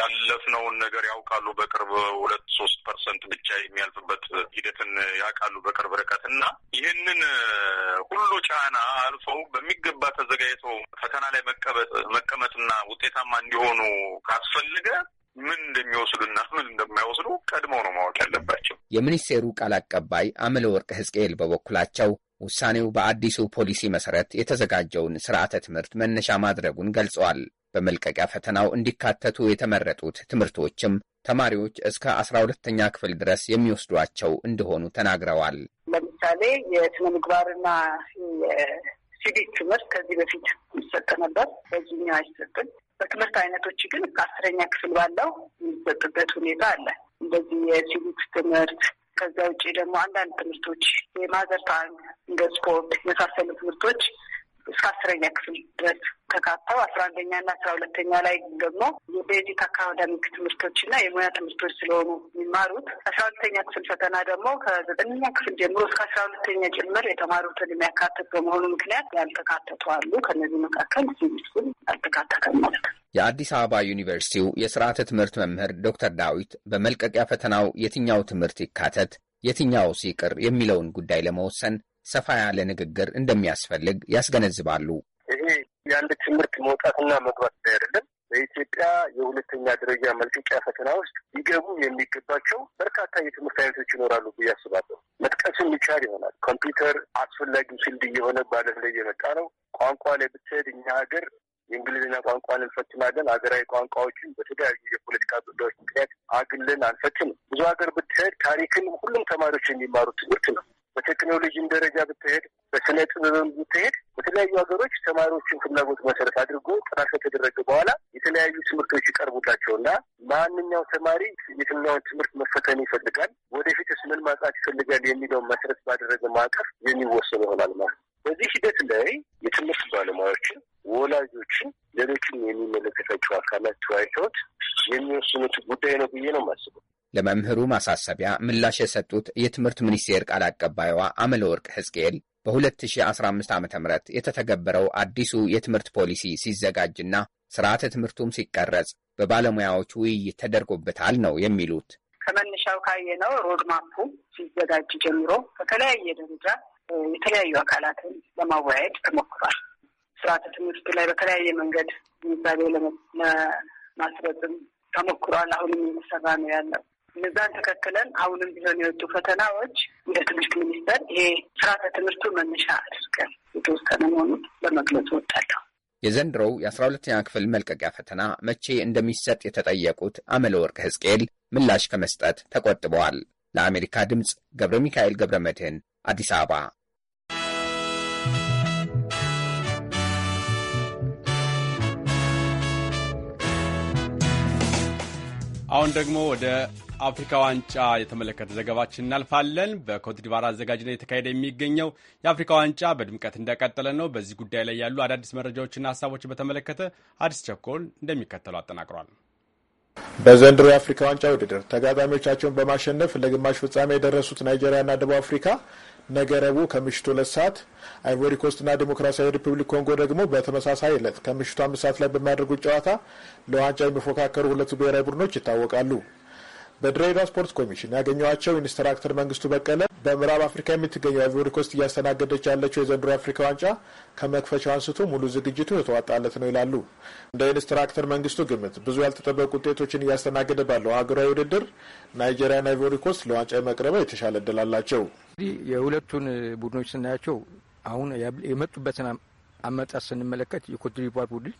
ያለፍነውን ነገር ያውቃሉ። በቅርብ ሁለት ሶስት ፐርሰንት ብቻ የሚያልፍበት ሂደትን ያውቃሉ በቅርብ ርቀት እና ይህንን ሁሉ ጫና አልፈው በሚገባ ተዘጋጅተው ፈተና ላይ መቀመጥና ውጤታማ እንዲሆኑ ካስፈልገ ምን እንደሚወስዱና ምን እንደማይወስዱ ቀድሞ ነው ማወቅ ያለባቸው። የሚኒስቴሩ ቃል አቀባይ አምል ወርቅ ህዝቅኤል በበኩላቸው ውሳኔው በአዲሱ ፖሊሲ መሰረት የተዘጋጀውን ስርዓተ ትምህርት መነሻ ማድረጉን ገልጸዋል። በመልቀቂያ ፈተናው እንዲካተቱ የተመረጡት ትምህርቶችም ተማሪዎች እስከ አስራ ሁለተኛ ክፍል ድረስ የሚወስዷቸው እንደሆኑ ተናግረዋል። ለምሳሌ የስነ ምግባርና የሲቪክ ትምህርት ከዚህ በፊት ይሰጥ ነበር፣ በዚህኛው አይሰጥም። በትምህርት አይነቶች ግን አስረኛ ክፍል ባለው የሚሰጥበት ሁኔታ አለ። እንደዚህ የሲቪክስ ትምህርት ከዛ ውጭ ደግሞ አንዳንድ ትምህርቶች የማዘር እንደ ስፖርት የመሳሰሉ ትምህርቶች እስከ አስረኛ ክፍል ድረስ ተካተው አስራ አንደኛ ና አስራ ሁለተኛ ላይ ደግሞ የቤዚክ አካዳሚክ ትምህርቶች ና የሙያ ትምህርቶች ስለሆኑ የሚማሩት አስራ ሁለተኛ ክፍል ፈተና ደግሞ ከዘጠነኛ ክፍል ጀምሮ እስከ አስራ ሁለተኛ ጭምር የተማሩትን የሚያካትት በመሆኑ ምክንያት ያልተካተቱ አሉ። ከእነዚህ መካከል ሲሚስኩል አልተካተተም ማለት ነው። የአዲስ አበባ ዩኒቨርሲቲው የስርዓተ ትምህርት መምህር ዶክተር ዳዊት በመልቀቂያ ፈተናው የትኛው ትምህርት ይካተት የትኛው ሲቅር የሚለውን ጉዳይ ለመወሰን ሰፋ ያለ ንግግር እንደሚያስፈልግ ያስገነዝባሉ። ይሄ የአንድ ትምህርት መውጣትና መግባት ላይ አይደለም። በኢትዮጵያ የሁለተኛ ደረጃ መልቀቂያ ፈተና ውስጥ ሊገቡ የሚገባቸው በርካታ የትምህርት አይነቶች ይኖራሉ ብዬ አስባለሁ። መጥቀስም ይቻል ይሆናል። ኮምፒውተር አስፈላጊው ስልድ እየሆነ በዓለም ላይ እየመጣ ነው። ቋንቋ ላይ ብትሄድ እኛ ሀገር የእንግሊዝኛ ቋንቋን እንፈትናለን። ሀገራዊ ቋንቋዎችን በተለያዩ የፖለቲካ ጉዳዮች ምክንያት አግልን አንፈትንም። ብዙ ሀገር ብትሄድ ታሪክን ሁሉም ተማሪዎች የሚማሩት ትምህርት ነው። በቴክኖሎጂም ደረጃ ብትሄድ፣ በስነ ጥበብም ብትሄድ በተለያዩ ሀገሮች ተማሪዎችን ፍላጎት መሰረት አድርጎ ጥናት ከተደረገ በኋላ የተለያዩ ትምህርቶች ይቀርቡላቸው እና ማንኛው ተማሪ የትኛውን ትምህርት መፈተን ይፈልጋል፣ ወደፊትስ ምን ማጣት ይፈልጋል የሚለውን መሰረት ባደረገ ማዕቀፍ የሚወሰኑ ይሆናል ማለት ነው። በዚህ ሂደት ላይ የትምህርት ባለሙያዎችን፣ ወላጆችን፣ ሌሎችም የሚመለከታቸው አካላት ተወያይተውት የሚወስኑት ጉዳይ ነው ብዬ ነው የማስበው። ለመምህሩ ማሳሰቢያ ምላሽ የሰጡት የትምህርት ሚኒስቴር ቃል አቀባይዋ አመለወርቅ ሕዝቅኤል በ2015 ዓ ም የተተገበረው አዲሱ የትምህርት ፖሊሲ ሲዘጋጅና ስርዓተ ትምህርቱም ሲቀረጽ በባለሙያዎች ውይይት ተደርጎበታል ነው የሚሉት። ከመነሻው ካየነው ሮድማፑ ሲዘጋጅ ጀምሮ በተለያየ ደረጃ የተለያዩ አካላትን ለማወያየት ተሞክሯል። ስርዓተ ትምህርቱ ላይ በተለያየ መንገድ ግንዛቤ ለማስረጽም ተሞክሯል። አሁንም እየተሰራ ነው ያለው። እነዛን ተከትለን አሁንም ቢሆን የወጡ ፈተናዎች እንደ ትምህርት ሚኒስቴር ይሄ ስርዓተ ትምህርቱ መነሻ አድርገን የተወሰነ መሆኑን ለመግለጽ ወጣለሁ። የዘንድሮው የአስራ ሁለተኛ ክፍል መልቀቂያ ፈተና መቼ እንደሚሰጥ የተጠየቁት አመለ ወርቅ ህዝቅኤል ምላሽ ከመስጠት ተቆጥበዋል። ለአሜሪካ ድምፅ ገብረ ሚካኤል ገብረ መድህን አዲስ አበባ። አሁን ደግሞ ወደ አፍሪካ ዋንጫ የተመለከተ ዘገባችን እናልፋለን። በኮትዲቫር አዘጋጅነት የተካሄደ የሚገኘው የአፍሪካ ዋንጫ በድምቀት እንደቀጠለ ነው። በዚህ ጉዳይ ላይ ያሉ አዳዲስ መረጃዎችና ሀሳቦች በተመለከተ አዲስ ቸኮል እንደሚከተለው አጠናቅሯል። በዘንድሮ የአፍሪካ ዋንጫ ውድድር ተጋጣሚዎቻቸውን በማሸነፍ ለግማሽ ፍጻሜ የደረሱት ናይጄሪያና ደቡብ አፍሪካ ነገ ረቡዕ ከምሽቱ ሁለት ሰዓት አይቮሪ ኮስትና ዲሞክራሲያዊ ሪፑብሊክ ኮንጎ ደግሞ በተመሳሳይ ዕለት ከምሽቱ አምስት ሰዓት ላይ በሚያደርጉት ጨዋታ ለዋንጫ የሚፎካከሩ ሁለቱ ብሔራዊ ቡድኖች ይታወቃሉ። በድሬዳዋ ስፖርት ኮሚሽን ያገኘኋቸው ኢንስትራክተር መንግስቱ በቀለ በምዕራብ አፍሪካ የምትገኘው አይቮሪ ኮስት እያስተናገደች ያለችው የዘንድሮ አፍሪካ ዋንጫ ከመክፈቻው አንስቶ ሙሉ ዝግጅቱ የተዋጣለት ነው ይላሉ። እንደ ኢንስትራክተር መንግስቱ ግምት ብዙ ያልተጠበቁ ውጤቶችን እያስተናገደ ባለው ሀገራዊ ውድድር ናይጄሪያን አይቮሪ ኮስት ለዋንጫ የመቅረበ የተሻለ እድል አላቸው። የሁለቱን ቡድኖች ስናያቸው አሁን የመጡበትን አመጣት ስንመለከት የኮትዲቯር ቡድን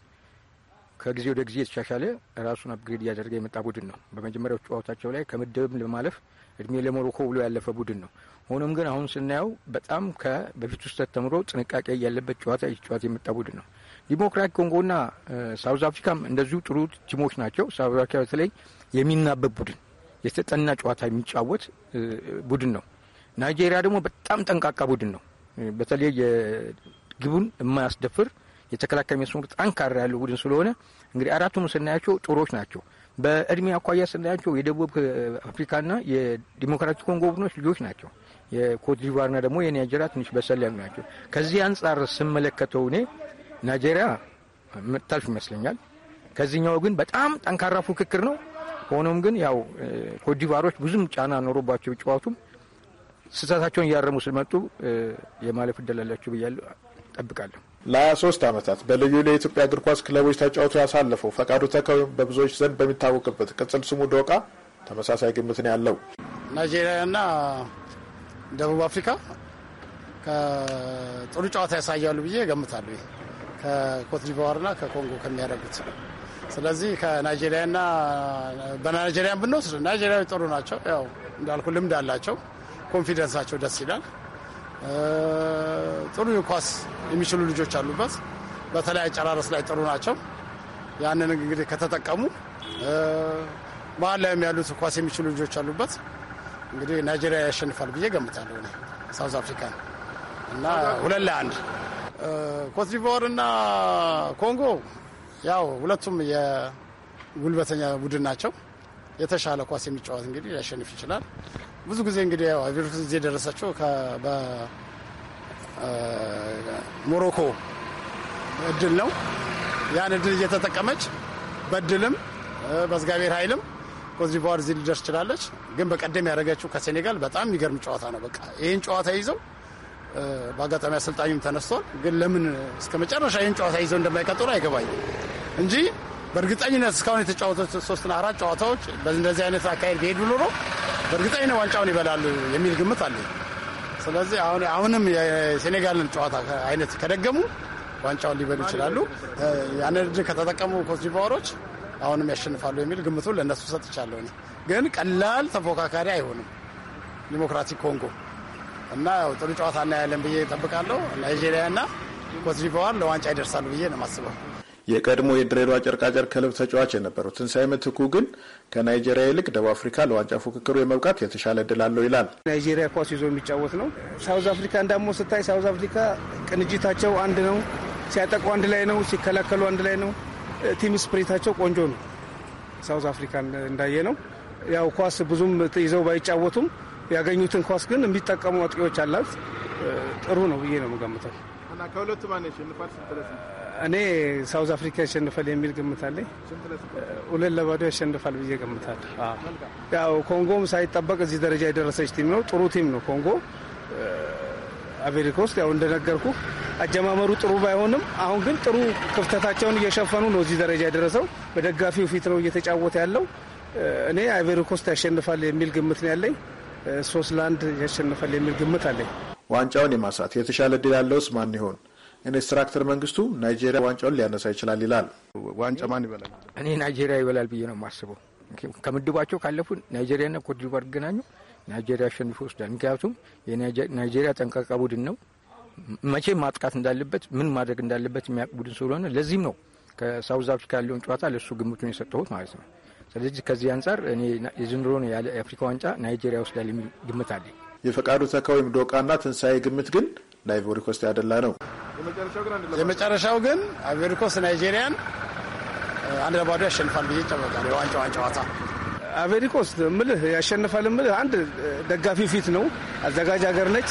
ከጊዜ ወደ ጊዜ የተሻሻለ ራሱን አፕግሬድ እያደረገ የመጣ ቡድን ነው። በመጀመሪያው ጨዋታቸው ላይ ከምድብም ለማለፍ እድሜ ለሞሮኮ ብሎ ያለፈ ቡድን ነው። ሆኖም ግን አሁን ስናየው በጣም ከበፊቱ ስህተት ተምሮ ጥንቃቄ ያለበት ጨዋታ ጨዋታ የመጣ ቡድን ነው። ዲሞክራቲክ ኮንጎና ሳውዝ አፍሪካም እንደዚሁ ጥሩ ቲሞች ናቸው። ሳውዝ አፍሪካ በተለይ የሚናበብ ቡድን፣ የተጠና ጨዋታ የሚጫወት ቡድን ነው። ናይጄሪያ ደግሞ በጣም ጠንቃቃ ቡድን ነው። በተለይ ግቡን የማያስደፍር የተከላካይ መስመሩ ጠንካራ ያለው ቡድን ስለሆነ እንግዲህ አራቱም ስናያቸው ጥሮች ናቸው። በእድሜ አኳያ ስናያቸው የደቡብ አፍሪካና የዲሞክራቲክ ኮንጎ ቡድኖች ልጆች ናቸው። የኮትዲቫርና ደግሞ የናይጄሪያ ትንሽ በሰል ያሉ ናቸው። ከዚህ አንጻር ስመለከተው እኔ ናይጄሪያ ምታልፍ ይመስለኛል። ከዚህኛው ግን በጣም ጠንካራ ፉክክር ነው። ሆኖም ግን ያው ኮትዲቫሮች ብዙም ጫና ኖሮባቸው ጨዋቱም ስህተታቸውን እያረሙ ስለመጡ የማለፍ እድል አላቸው ብያለሁ፣ ጠብቃለሁ። ለ23 ዓመታት በልዩ ለኢትዮጵያ እግር ኳስ ክለቦች ተጫውቶ ያሳለፈው ፈቃዱ ተካዊ በብዙዎች ዘንድ በሚታወቅበት ቅጽል ስሙ ዶቃ ተመሳሳይ ግምት ነው ያለው። ናይጄሪያና ደቡብ አፍሪካ ከጥሩ ጨዋታ ያሳያሉ ብዬ እገምታለሁ። ከኮትዲቫርና ከኮንጎ ከሚያደርጉት ስለዚህ ከናይጄሪያና በናይጄሪያን ብንወስድ ናይጄሪያዊ ጥሩ ናቸው። ያው እንዳልኩ ልምድ አላቸው። ኮንፊደንሳቸው ደስ ይላል። ጥሩ ኳስ የሚችሉ ልጆች አሉበት። በተለይ አጨራረስ ላይ ጥሩ ናቸው። ያንን እንግዲህ ከተጠቀሙ መሀል ላይም ያሉት ኳስ የሚችሉ ልጆች አሉበት። እንግዲህ ናይጄሪያ ያሸንፋል ብዬ ገምታለሁ ሳውዝ አፍሪካን እና ሁለት ለአንድ ኮትዲቮር እና ኮንጎ ያው ሁለቱም የጉልበተኛ ቡድን ናቸው። የተሻለ ኳስ የሚጫወት እንግዲህ ሊያሸንፍ ይችላል። ብዙ ጊዜ እንግዲህ ያው ቪሩስ እዚህ የደረሳቸው ሞሮኮ እድል ነው። ያን እድል እየተጠቀመች በእድልም በእግዚአብሔር ኃይልም ኮትዲቯር እዚህ ልደርስ ችላለች። ግን በቀደም ያደረገችው ከሴኔጋል በጣም የሚገርም ጨዋታ ነው። በቃ ይህን ጨዋታ ይዘው በአጋጣሚ አሰልጣኙም ተነስቷል። ግን ለምን እስከ መጨረሻ ይህን ጨዋታ ይዘው እንደማይቀጥሉ አይገባኝ እንጂ በእርግጠኝነት እስካሁን የተጫወቱት ሶስትና አራት ጨዋታዎች በእንደዚህ አይነት አካሄድ ቢሄዱ ኖሮ በእርግጠኝነት ዋንጫውን ይበላሉ የሚል ግምት አለ። ስለዚህ አሁን አሁንም የሴኔጋልን ጨዋታ አይነት ከደገሙ ዋንጫውን ሊበሉ ይችላሉ። ያነርጅን ከተጠቀሙ ኮትዲቫሮች አሁንም ያሸንፋሉ የሚል ግምቱ ለእነሱ ሰጥቻለሁ። ግን ቀላል ተፎካካሪ አይሆንም ዲሞክራቲክ ኮንጎ እና ጥሩ ጨዋታ እናያለን ብዬ እጠብቃለሁ። ናይጄሪያ እና ኮትዲቫር ለዋንጫ ይደርሳሉ ብዬ ነው የማስበው። የቀድሞ የድሬዳዋ ጨርቃጨርቅ ክለብ ተጫዋች የነበሩት ትንሳኤ ምትኩ ግን ከናይጄሪያ ይልቅ ደቡብ አፍሪካ ለዋንጫ ፉክክሩ የመብቃት የተሻለ እድል አለው ይላል። ናይጄሪያ ኳስ ይዞ የሚጫወት ነው። ሳውዝ አፍሪካ እንዳሞ ስታይ ሳውዝ አፍሪካ ቅንጅታቸው አንድ ነው። ሲያጠቁ አንድ ላይ ነው፣ ሲከላከሉ አንድ ላይ ነው። ቲም ስፕሪታቸው ቆንጆ ነው። ሳውዝ አፍሪካ እንዳየ ነው። ያው ኳስ ብዙም ይዘው ባይጫወቱም ያገኙትን ኳስ ግን የሚጠቀሙ አጥቂዎች አላት። ጥሩ ነው ብዬ ነው የምገምተው። እና ከሁለቱ ማን ያሸንፋል? ስንት ለስንት? እኔ ሳውዝ አፍሪካ ያሸንፋል የሚል ግምት አለኝ። ሁለት ለባዶ ያሸንፋል ብዬ ገምታለሁ። ያው ኮንጎም ሳይጠበቅ እዚህ ደረጃ የደረሰች ቲም ነው። ጥሩ ቲም ነው ኮንጎ አሜሪካ ውስጥ ያው እንደነገርኩ አጀማመሩ ጥሩ ባይሆንም አሁን ግን ጥሩ ክፍተታቸውን እየሸፈኑ ነው እዚህ ደረጃ የደረሰው። በደጋፊው ፊት ነው እየተጫወተ ያለው። እኔ አይቬሪኮስት ያሸንፋል የሚል ግምት ነው ያለኝ። ሶስት ለአንድ ያሸንፋል የሚል ግምት አለኝ። ዋንጫውን የማንሳት የተሻለ ድል ያለውስ ማን ይሆን? ኢንስትራክተር መንግስቱ ናይጄሪያ ዋንጫውን ሊያነሳ ይችላል ይላል። ዋንጫ ማን ይበላል? እኔ ናይጄሪያ ይበላል ብዬ ነው የማስበው። ከምድባቸው ካለፉ ናይጄሪያና ኮትዲቯር ይገናኙ፣ ናይጄሪያ አሸንፎ ይወስዳል። ምክንያቱም የናይጄሪያ ጠንቃቃ ቡድን ነው። መቼ ማጥቃት እንዳለበት ምን ማድረግ እንዳለበት የሚያውቅ ቡድን ስለሆነ ለዚህም ነው ከሳውዝ አፍሪካ ያለውን ጨዋታ ለእሱ ግምቱን የሰጠሁት ማለት ነው። ስለዚህ ከዚህ አንጻር እኔ የዘንድሮውን የአፍሪካ ዋንጫ ናይጄሪያ ይወስዳል የሚል ግምት አለኝ። የፈቃዱ ተካ ወይም ዶቃና ትንሣኤ ግምት ግን ለአይቮሪኮስት ያደላ ነው። የመጨረሻው ግን አይቮሪኮስት ናይጄሪያን አንድ ለባዶ ያሸንፋል ብዬ ይጠበቃል። የዋንጫዋን ጨዋታ ዋታ ምልህ ያሸንፋል ምልህ አንድ ደጋፊ ፊት ነው። አዘጋጅ ሀገር ነች።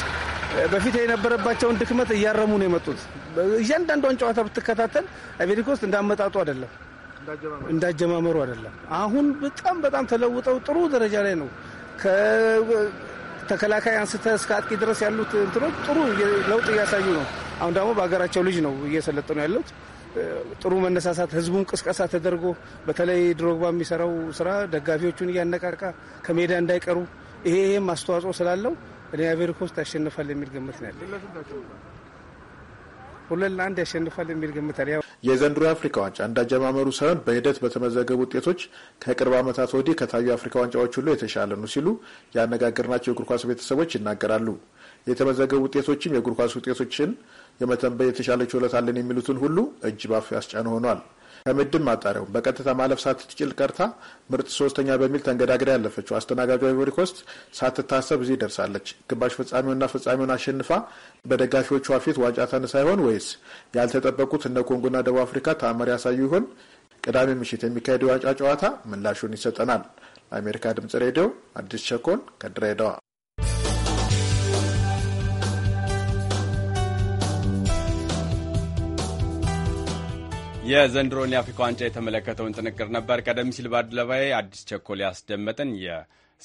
በፊት የነበረባቸውን ድክመት እያረሙ ነው የመጡት። እያንዳንዷን ጨዋታ ብትከታተል አይቮሪኮስት እንዳመጣጡ አይደለም እንዳጀማመሩ አይደለም። አሁን በጣም በጣም ተለውጠው ጥሩ ደረጃ ላይ ነው። ተከላካይ አንስተ እስከ አጥቂ ድረስ ያሉት እንትኖች ጥሩ ለውጥ እያሳዩ ነው። አሁን ደግሞ በሀገራቸው ልጅ ነው እየሰለጠኑ ያሉት። ጥሩ መነሳሳት፣ ህዝቡን ቅስቀሳ ተደርጎ በተለይ ድሮግባ የሚሰራው ስራ ደጋፊዎቹን እያነቃቃ ከሜዳ እንዳይቀሩ ይሄ ይሄም አስተዋጽኦ ስላለው እኔ አቬሪካ ውስጥ ያሸንፋል የሚል ግምት ነው ያለ። ሁለት ለአንድ ያሸንፋል የሚል ግምት አለ። የዘንድሮ የአፍሪካ ዋንጫ እንዳጀማመሩ ሳይሆን በሂደት በተመዘገቡ ውጤቶች ከቅርብ ዓመታት ወዲህ ከታዩ የአፍሪካ ዋንጫዎች ሁሉ የተሻለ ነው ሲሉ ያነጋገርናቸው የእግር ኳስ ቤተሰቦች ይናገራሉ። የተመዘገቡ ውጤቶችም የእግር ኳስ ውጤቶችን የመተንበይ የተሻለ ችሎታ አለን የሚሉትን ሁሉ እጅ ባፍ ያስጫን ሆኗል። ከምድብ ማጣሪያው በቀጥታ ማለፍ ሳትችል ቀርታ ምርጥ ሶስተኛ በሚል ተንገዳግዳ ያለፈችው አስተናጋጇ አይቮሪኮስት ሳትታሰብ እዚህ ደርሳለች። ግማሽ ፍጻሜውና ፍጻሜውን አሸንፋ በደጋፊዎቿ ፊት ዋንጫ ተነሳ ይሆን ወይስ ያልተጠበቁት እነ ኮንጎና ደቡብ አፍሪካ ተአምር ያሳዩ ይሆን? ቅዳሜ ምሽት የሚካሄደው የዋንጫ ጨዋታ ምላሹን ይሰጠናል። ለአሜሪካ ድምጽ ሬዲዮ አዲስ ቸኮል ከድሬዳዋ የዘንድሮን የአፍሪካ ዋንጫ የተመለከተውን ጥንቅር ነበር። ቀደም ሲል ባልደረባዬ አዲስ ቸኮል ያስደመጠን የ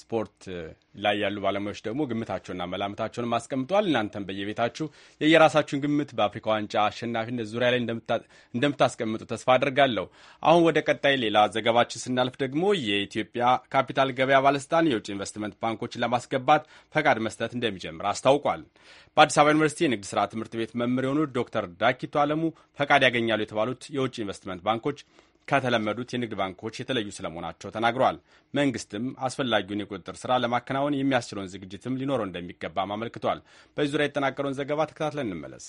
ስፖርት ላይ ያሉ ባለሙያዎች ደግሞ ግምታቸውና መላምታቸውንም አስቀምጠዋል። እናንተም በየቤታችሁ የየራሳችሁን ግምት በአፍሪካ ዋንጫ አሸናፊነት ዙሪያ ላይ እንደምታስቀምጡ ተስፋ አድርጋለሁ። አሁን ወደ ቀጣይ ሌላ ዘገባችን ስናልፍ ደግሞ የኢትዮጵያ ካፒታል ገበያ ባለስልጣን የውጭ ኢንቨስትመንት ባንኮችን ለማስገባት ፈቃድ መስጠት እንደሚጀምር አስታውቋል። በአዲስ አበባ ዩኒቨርሲቲ የንግድ ስራ ትምህርት ቤት መምህር የሆኑት ዶክተር ዳኪቶ አለሙ ፈቃድ ያገኛሉ የተባሉት የውጭ ኢንቨስትመንት ባንኮች ከተለመዱት የንግድ ባንኮች የተለዩ ስለመሆናቸው ተናግረዋል። መንግስትም አስፈላጊውን የቁጥጥር ስራ ለማከናወን የሚያስችለውን ዝግጅትም ሊኖረው እንደሚገባም አመልክቷል። በዚህ ዙሪያ የተጠናቀረውን ዘገባ ተከታትለን እንመለስ።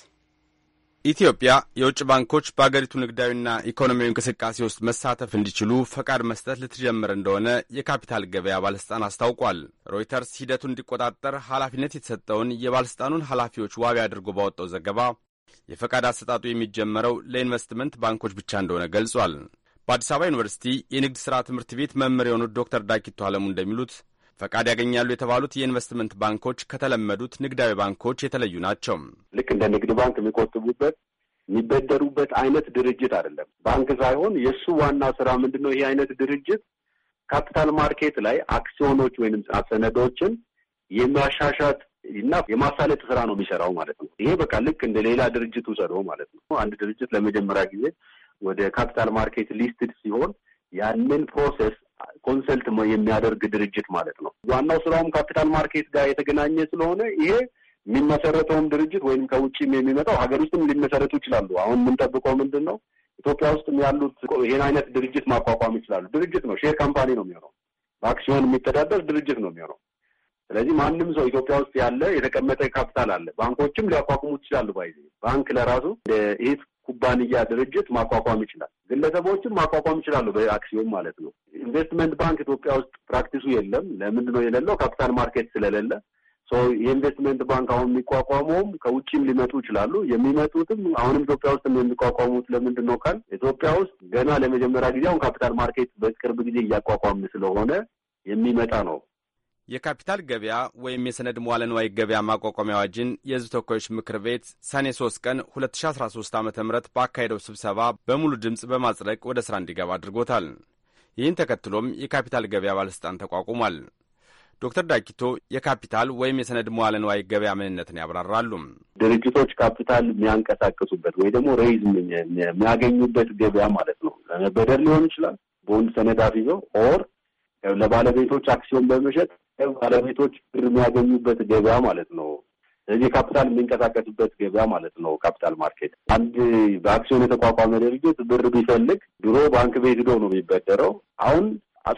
ኢትዮጵያ የውጭ ባንኮች በአገሪቱ ንግዳዊና ኢኮኖሚያዊ እንቅስቃሴ ውስጥ መሳተፍ እንዲችሉ ፈቃድ መስጠት ልትጀምር እንደሆነ የካፒታል ገበያ ባለሥልጣን አስታውቋል። ሮይተርስ ሂደቱን እንዲቆጣጠር ኃላፊነት የተሰጠውን የባለሥልጣኑን ኃላፊዎች ዋቢ አድርጎ ባወጣው ዘገባ የፈቃድ አሰጣጡ የሚጀመረው ለኢንቨስትመንት ባንኮች ብቻ እንደሆነ ገልጿል። በአዲስ አበባ ዩኒቨርሲቲ የንግድ ሥራ ትምህርት ቤት መምህር የሆኑት ዶክተር ዳኪቶ አለሙ እንደሚሉት ፈቃድ ያገኛሉ የተባሉት የኢንቨስትመንት ባንኮች ከተለመዱት ንግዳዊ ባንኮች የተለዩ ናቸው። ልክ እንደ ንግድ ባንክ የሚቆጥቡበት የሚበደሩበት አይነት ድርጅት አይደለም። ባንክ ሳይሆን የእሱ ዋና ስራ ምንድን ነው? ይሄ አይነት ድርጅት ካፒታል ማርኬት ላይ አክሲዮኖች ወይም ሰነዶችን የማሻሻት እና የማሳለጥ ስራ ነው የሚሰራው ማለት ነው። ይሄ በቃ ልክ እንደ ሌላ ድርጅት ውሰደው ማለት ነው። አንድ ድርጅት ለመጀመሪያ ጊዜ ወደ ካፒታል ማርኬት ሊስትድ ሲሆን ያንን ፕሮሰስ ኮንሰልት የሚያደርግ ድርጅት ማለት ነው። ዋናው ስራውም ካፒታል ማርኬት ጋር የተገናኘ ስለሆነ ይሄ የሚመሰረተውም ድርጅት ወይም ከውጭም የሚመጣው ሀገር ውስጥም ሊመሰረቱ ይችላሉ። አሁን የምንጠብቀው ምንድን ነው? ኢትዮጵያ ውስጥም ያሉት ይህን አይነት ድርጅት ማቋቋም ይችላሉ። ድርጅት ነው፣ ሼር ካምፓኒ ነው የሚሆነው። በአክሲዮን የሚተዳደር ድርጅት ነው የሚሆነው። ስለዚህ ማንም ሰው ኢትዮጵያ ውስጥ ያለ የተቀመጠ ካፒታል አለ፣ ባንኮችም ሊያቋቁሙ ይችላሉ። ባይ ባንክ ለራሱ ይህ ኩባንያ፣ ድርጅት ማቋቋም ይችላል። ግለሰቦችን ማቋቋም ይችላሉ፣ በአክሲዮን ማለት ነው። ኢንቨስትመንት ባንክ ኢትዮጵያ ውስጥ ፕራክቲሱ የለም። ለምንድን ነው የሌለው? ካፒታል ማርኬት ስለሌለ የኢንቨስትመንት ባንክ አሁን የሚቋቋመውም ከውጭም ሊመጡ ይችላሉ። የሚመጡትም አሁንም ኢትዮጵያ ውስጥ የሚቋቋሙት ለምንድን ነው ካል ኢትዮጵያ ውስጥ ገና ለመጀመሪያ ጊዜ አሁን ካፒታል ማርኬት በቅርብ ጊዜ እያቋቋም ስለሆነ የሚመጣ ነው። የካፒታል ገበያ ወይም የሰነድ መዋለ ንዋይ ገበያ ማቋቋሚያ አዋጅን የሕዝብ ተወካዮች ምክር ቤት ሰኔ 3 ቀን 2013 ዓ ም ባካሄደው ስብሰባ በሙሉ ድምፅ በማጽደቅ ወደ ሥራ እንዲገባ አድርጎታል። ይህን ተከትሎም የካፒታል ገበያ ባለሥልጣን ተቋቁሟል። ዶክተር ዳኪቶ የካፒታል ወይም የሰነድ መዋለ ንዋይ ገበያ ምንነትን ያብራራሉ። ድርጅቶች ካፒታል የሚያንቀሳቀሱበት ወይ ደግሞ ሬይዝ የሚያገኙበት ገበያ ማለት ነው። በደር ሊሆን ይችላል ቦንድ ሰነድ አፍይዘው ኦር ለባለቤቶች አክሲዮን በመሸጥ ባለቤቶች ብር የሚያገኙበት ገበያ ማለት ነው። ስለዚህ ካፒታል የሚንቀሳቀስበት ገበያ ማለት ነው። ካፒታል ማርኬት አንድ በአክሲዮን የተቋቋመ ድርጅት ብር ቢፈልግ ድሮ ባንክ ቤት ዶ ነው የሚበደረው። አሁን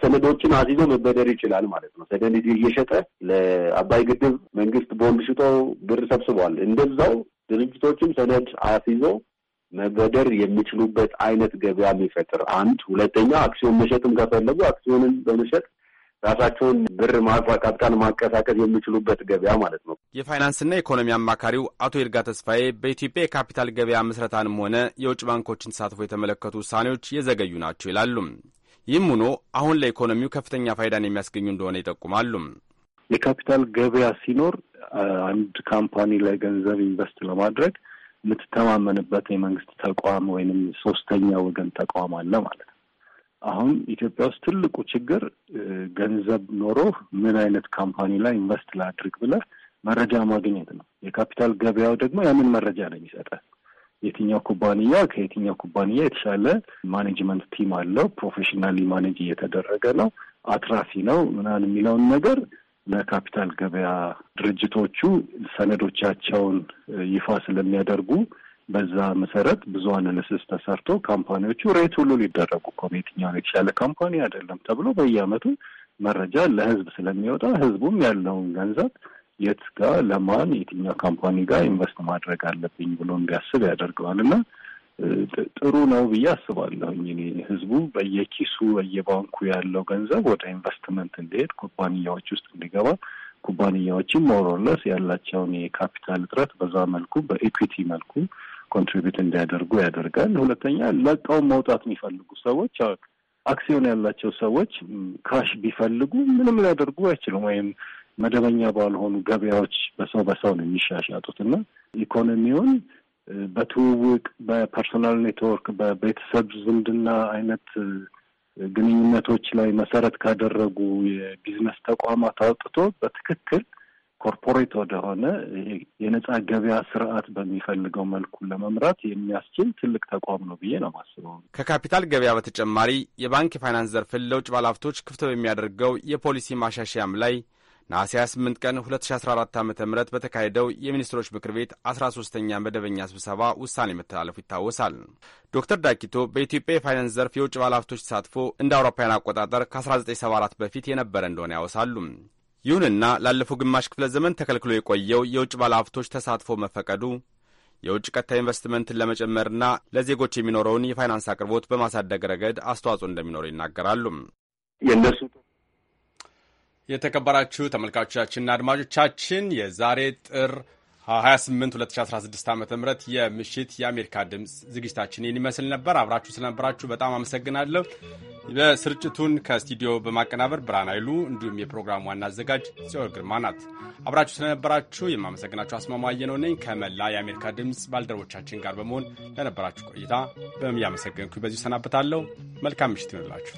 ሰነዶችን አስይዞ መበደር ይችላል ማለት ነው። ሰነድ እየሸጠ ለአባይ ግድብ መንግስት ቦንድ ሽጦ ብር ሰብስቧል። እንደዛው ድርጅቶችም ሰነድ አስይዞ መበደር የሚችሉበት አይነት ገበያ የሚፈጥር አንድ፣ ሁለተኛ አክሲዮን መሸጥም ከፈለጉ አክሲዮንን በመሸጥ ራሳቸውን ብር ካፒታል ማንቀሳቀስ የሚችሉበት ገበያ ማለት ነው። የፋይናንስና የኢኮኖሚ አማካሪው አቶ ይርጋ ተስፋዬ በኢትዮጵያ የካፒታል ገበያ ምስረታንም ሆነ የውጭ ባንኮችን ተሳትፎ የተመለከቱ ውሳኔዎች የዘገዩ ናቸው ይላሉ። ይህም ሆኖ አሁን ለኢኮኖሚው ከፍተኛ ፋይዳን የሚያስገኙ እንደሆነ ይጠቁማሉ። የካፒታል ገበያ ሲኖር አንድ ካምፓኒ ላይ ገንዘብ ኢንቨስት ለማድረግ የምትተማመንበት የመንግስት ተቋም ወይንም ሶስተኛ ወገን ተቋም አለ ማለት ነው። አሁን ኢትዮጵያ ውስጥ ትልቁ ችግር ገንዘብ ኖሮ ምን አይነት ካምፓኒ ላይ ኢንቨስት ላድርግ ብለህ መረጃ ማግኘት ነው። የካፒታል ገበያው ደግሞ ያንን መረጃ ነው የሚሰጠ የትኛው ኩባንያ ከየትኛው ኩባንያ የተሻለ ማኔጅመንት ቲም አለው፣ ፕሮፌሽናሊ ማኔጅ እየተደረገ ነው፣ አትራፊ ነው ምናምን የሚለውን ነገር ለካፒታል ገበያ ድርጅቶቹ ሰነዶቻቸውን ይፋ ስለሚያደርጉ በዛ መሰረት ብዙ አናልስስ ተሰርቶ ካምፓኒዎቹ ሬት ሁሉ ሊደረጉ እኮ የተሻለ ካምፓኒ አይደለም ተብሎ በየአመቱ መረጃ ለህዝብ ስለሚወጣ ህዝቡም ያለውን ገንዘብ የት ጋር ለማን የትኛው ካምፓኒ ጋር ኢንቨስት ማድረግ አለብኝ ብሎ እንዲያስብ ያደርገዋል እና ጥሩ ነው ብዬ አስባለሁ። ህዝቡ በየኪሱ በየባንኩ ያለው ገንዘብ ወደ ኢንቨስትመንት እንዲሄድ፣ ኩባንያዎች ውስጥ እንዲገባ ኩባንያዎችም ሞሮለስ ያላቸውን የካፒታል እጥረት በዛ መልኩ በኢኩዊቲ መልኩ ኮንትሪቢዩት እንዲያደርጉ ያደርጋል። ሁለተኛ ለቀው መውጣት የሚፈልጉ ሰዎች አክሲዮን ያላቸው ሰዎች ካሽ ቢፈልጉ ምንም ሊያደርጉ አይችሉም። ወይም መደበኛ ባልሆኑ ገበያዎች በሰው በሰው ነው የሚሻሻጡት እና ኢኮኖሚውን በትውውቅ በፐርሶናል ኔትወርክ በቤተሰብ ዝምድና አይነት ግንኙነቶች ላይ መሰረት ካደረጉ የቢዝነስ ተቋማት አውጥቶ በትክክል ኮርፖሬት ወደሆነ የነጻ ገበያ ስርዓት በሚፈልገው መልኩ ለመምራት የሚያስችል ትልቅ ተቋም ነው ብዬ ነው ማስበው። ከካፒታል ገበያ በተጨማሪ የባንክ የፋይናንስ ዘርፍን ለውጭ ባለሀብቶች ክፍት በሚያደርገው የፖሊሲ ማሻሻያም ላይ ነሐሴ 28 ቀን 2014 ዓ ም በተካሄደው የሚኒስትሮች ምክር ቤት 13ተኛ መደበኛ ስብሰባ ውሳኔ መተላለፉ ይታወሳል። ዶክተር ዳኪቶ በኢትዮጵያ የፋይናንስ ዘርፍ የውጭ ባለሀብቶች ተሳትፎ እንደ አውሮፓውያን አቆጣጠር ከ1974 በፊት የነበረ እንደሆነ ያወሳሉ። ይሁንና ላለፈው ግማሽ ክፍለ ዘመን ተከልክሎ የቆየው የውጭ ባለሀብቶች ተሳትፎ መፈቀዱ የውጭ ቀጥታ ኢንቨስትመንትን ለመጨመርና ለዜጎች የሚኖረውን የፋይናንስ አቅርቦት በማሳደግ ረገድ አስተዋጽኦ እንደሚኖረው ይናገራሉ። የእነሱ የተከበራችሁ ተመልካቾቻችንና አድማጮቻችን የዛሬ ጥር 28 2016 ዓ ም የምሽት የአሜሪካ ድምፅ ዝግጅታችን ይህን ይመስል ነበር። አብራችሁ ስለነበራችሁ በጣም አመሰግናለሁ። በስርጭቱን ከስቱዲዮ በማቀናበር ብርሃን ኃይሉ እንዲሁም የፕሮግራም ዋና አዘጋጅ ጽዮን ግርማ ናት። አብራችሁ ስለነበራችሁ የማመሰግናችሁ አስማማየ ነው ነኝ ከመላ የአሜሪካ ድምፅ ባልደረቦቻችን ጋር በመሆን ለነበራችሁ ቆይታ በምን በዚሁ ሰናበታለሁ። መልካም ምሽት ይሆንላችሁ።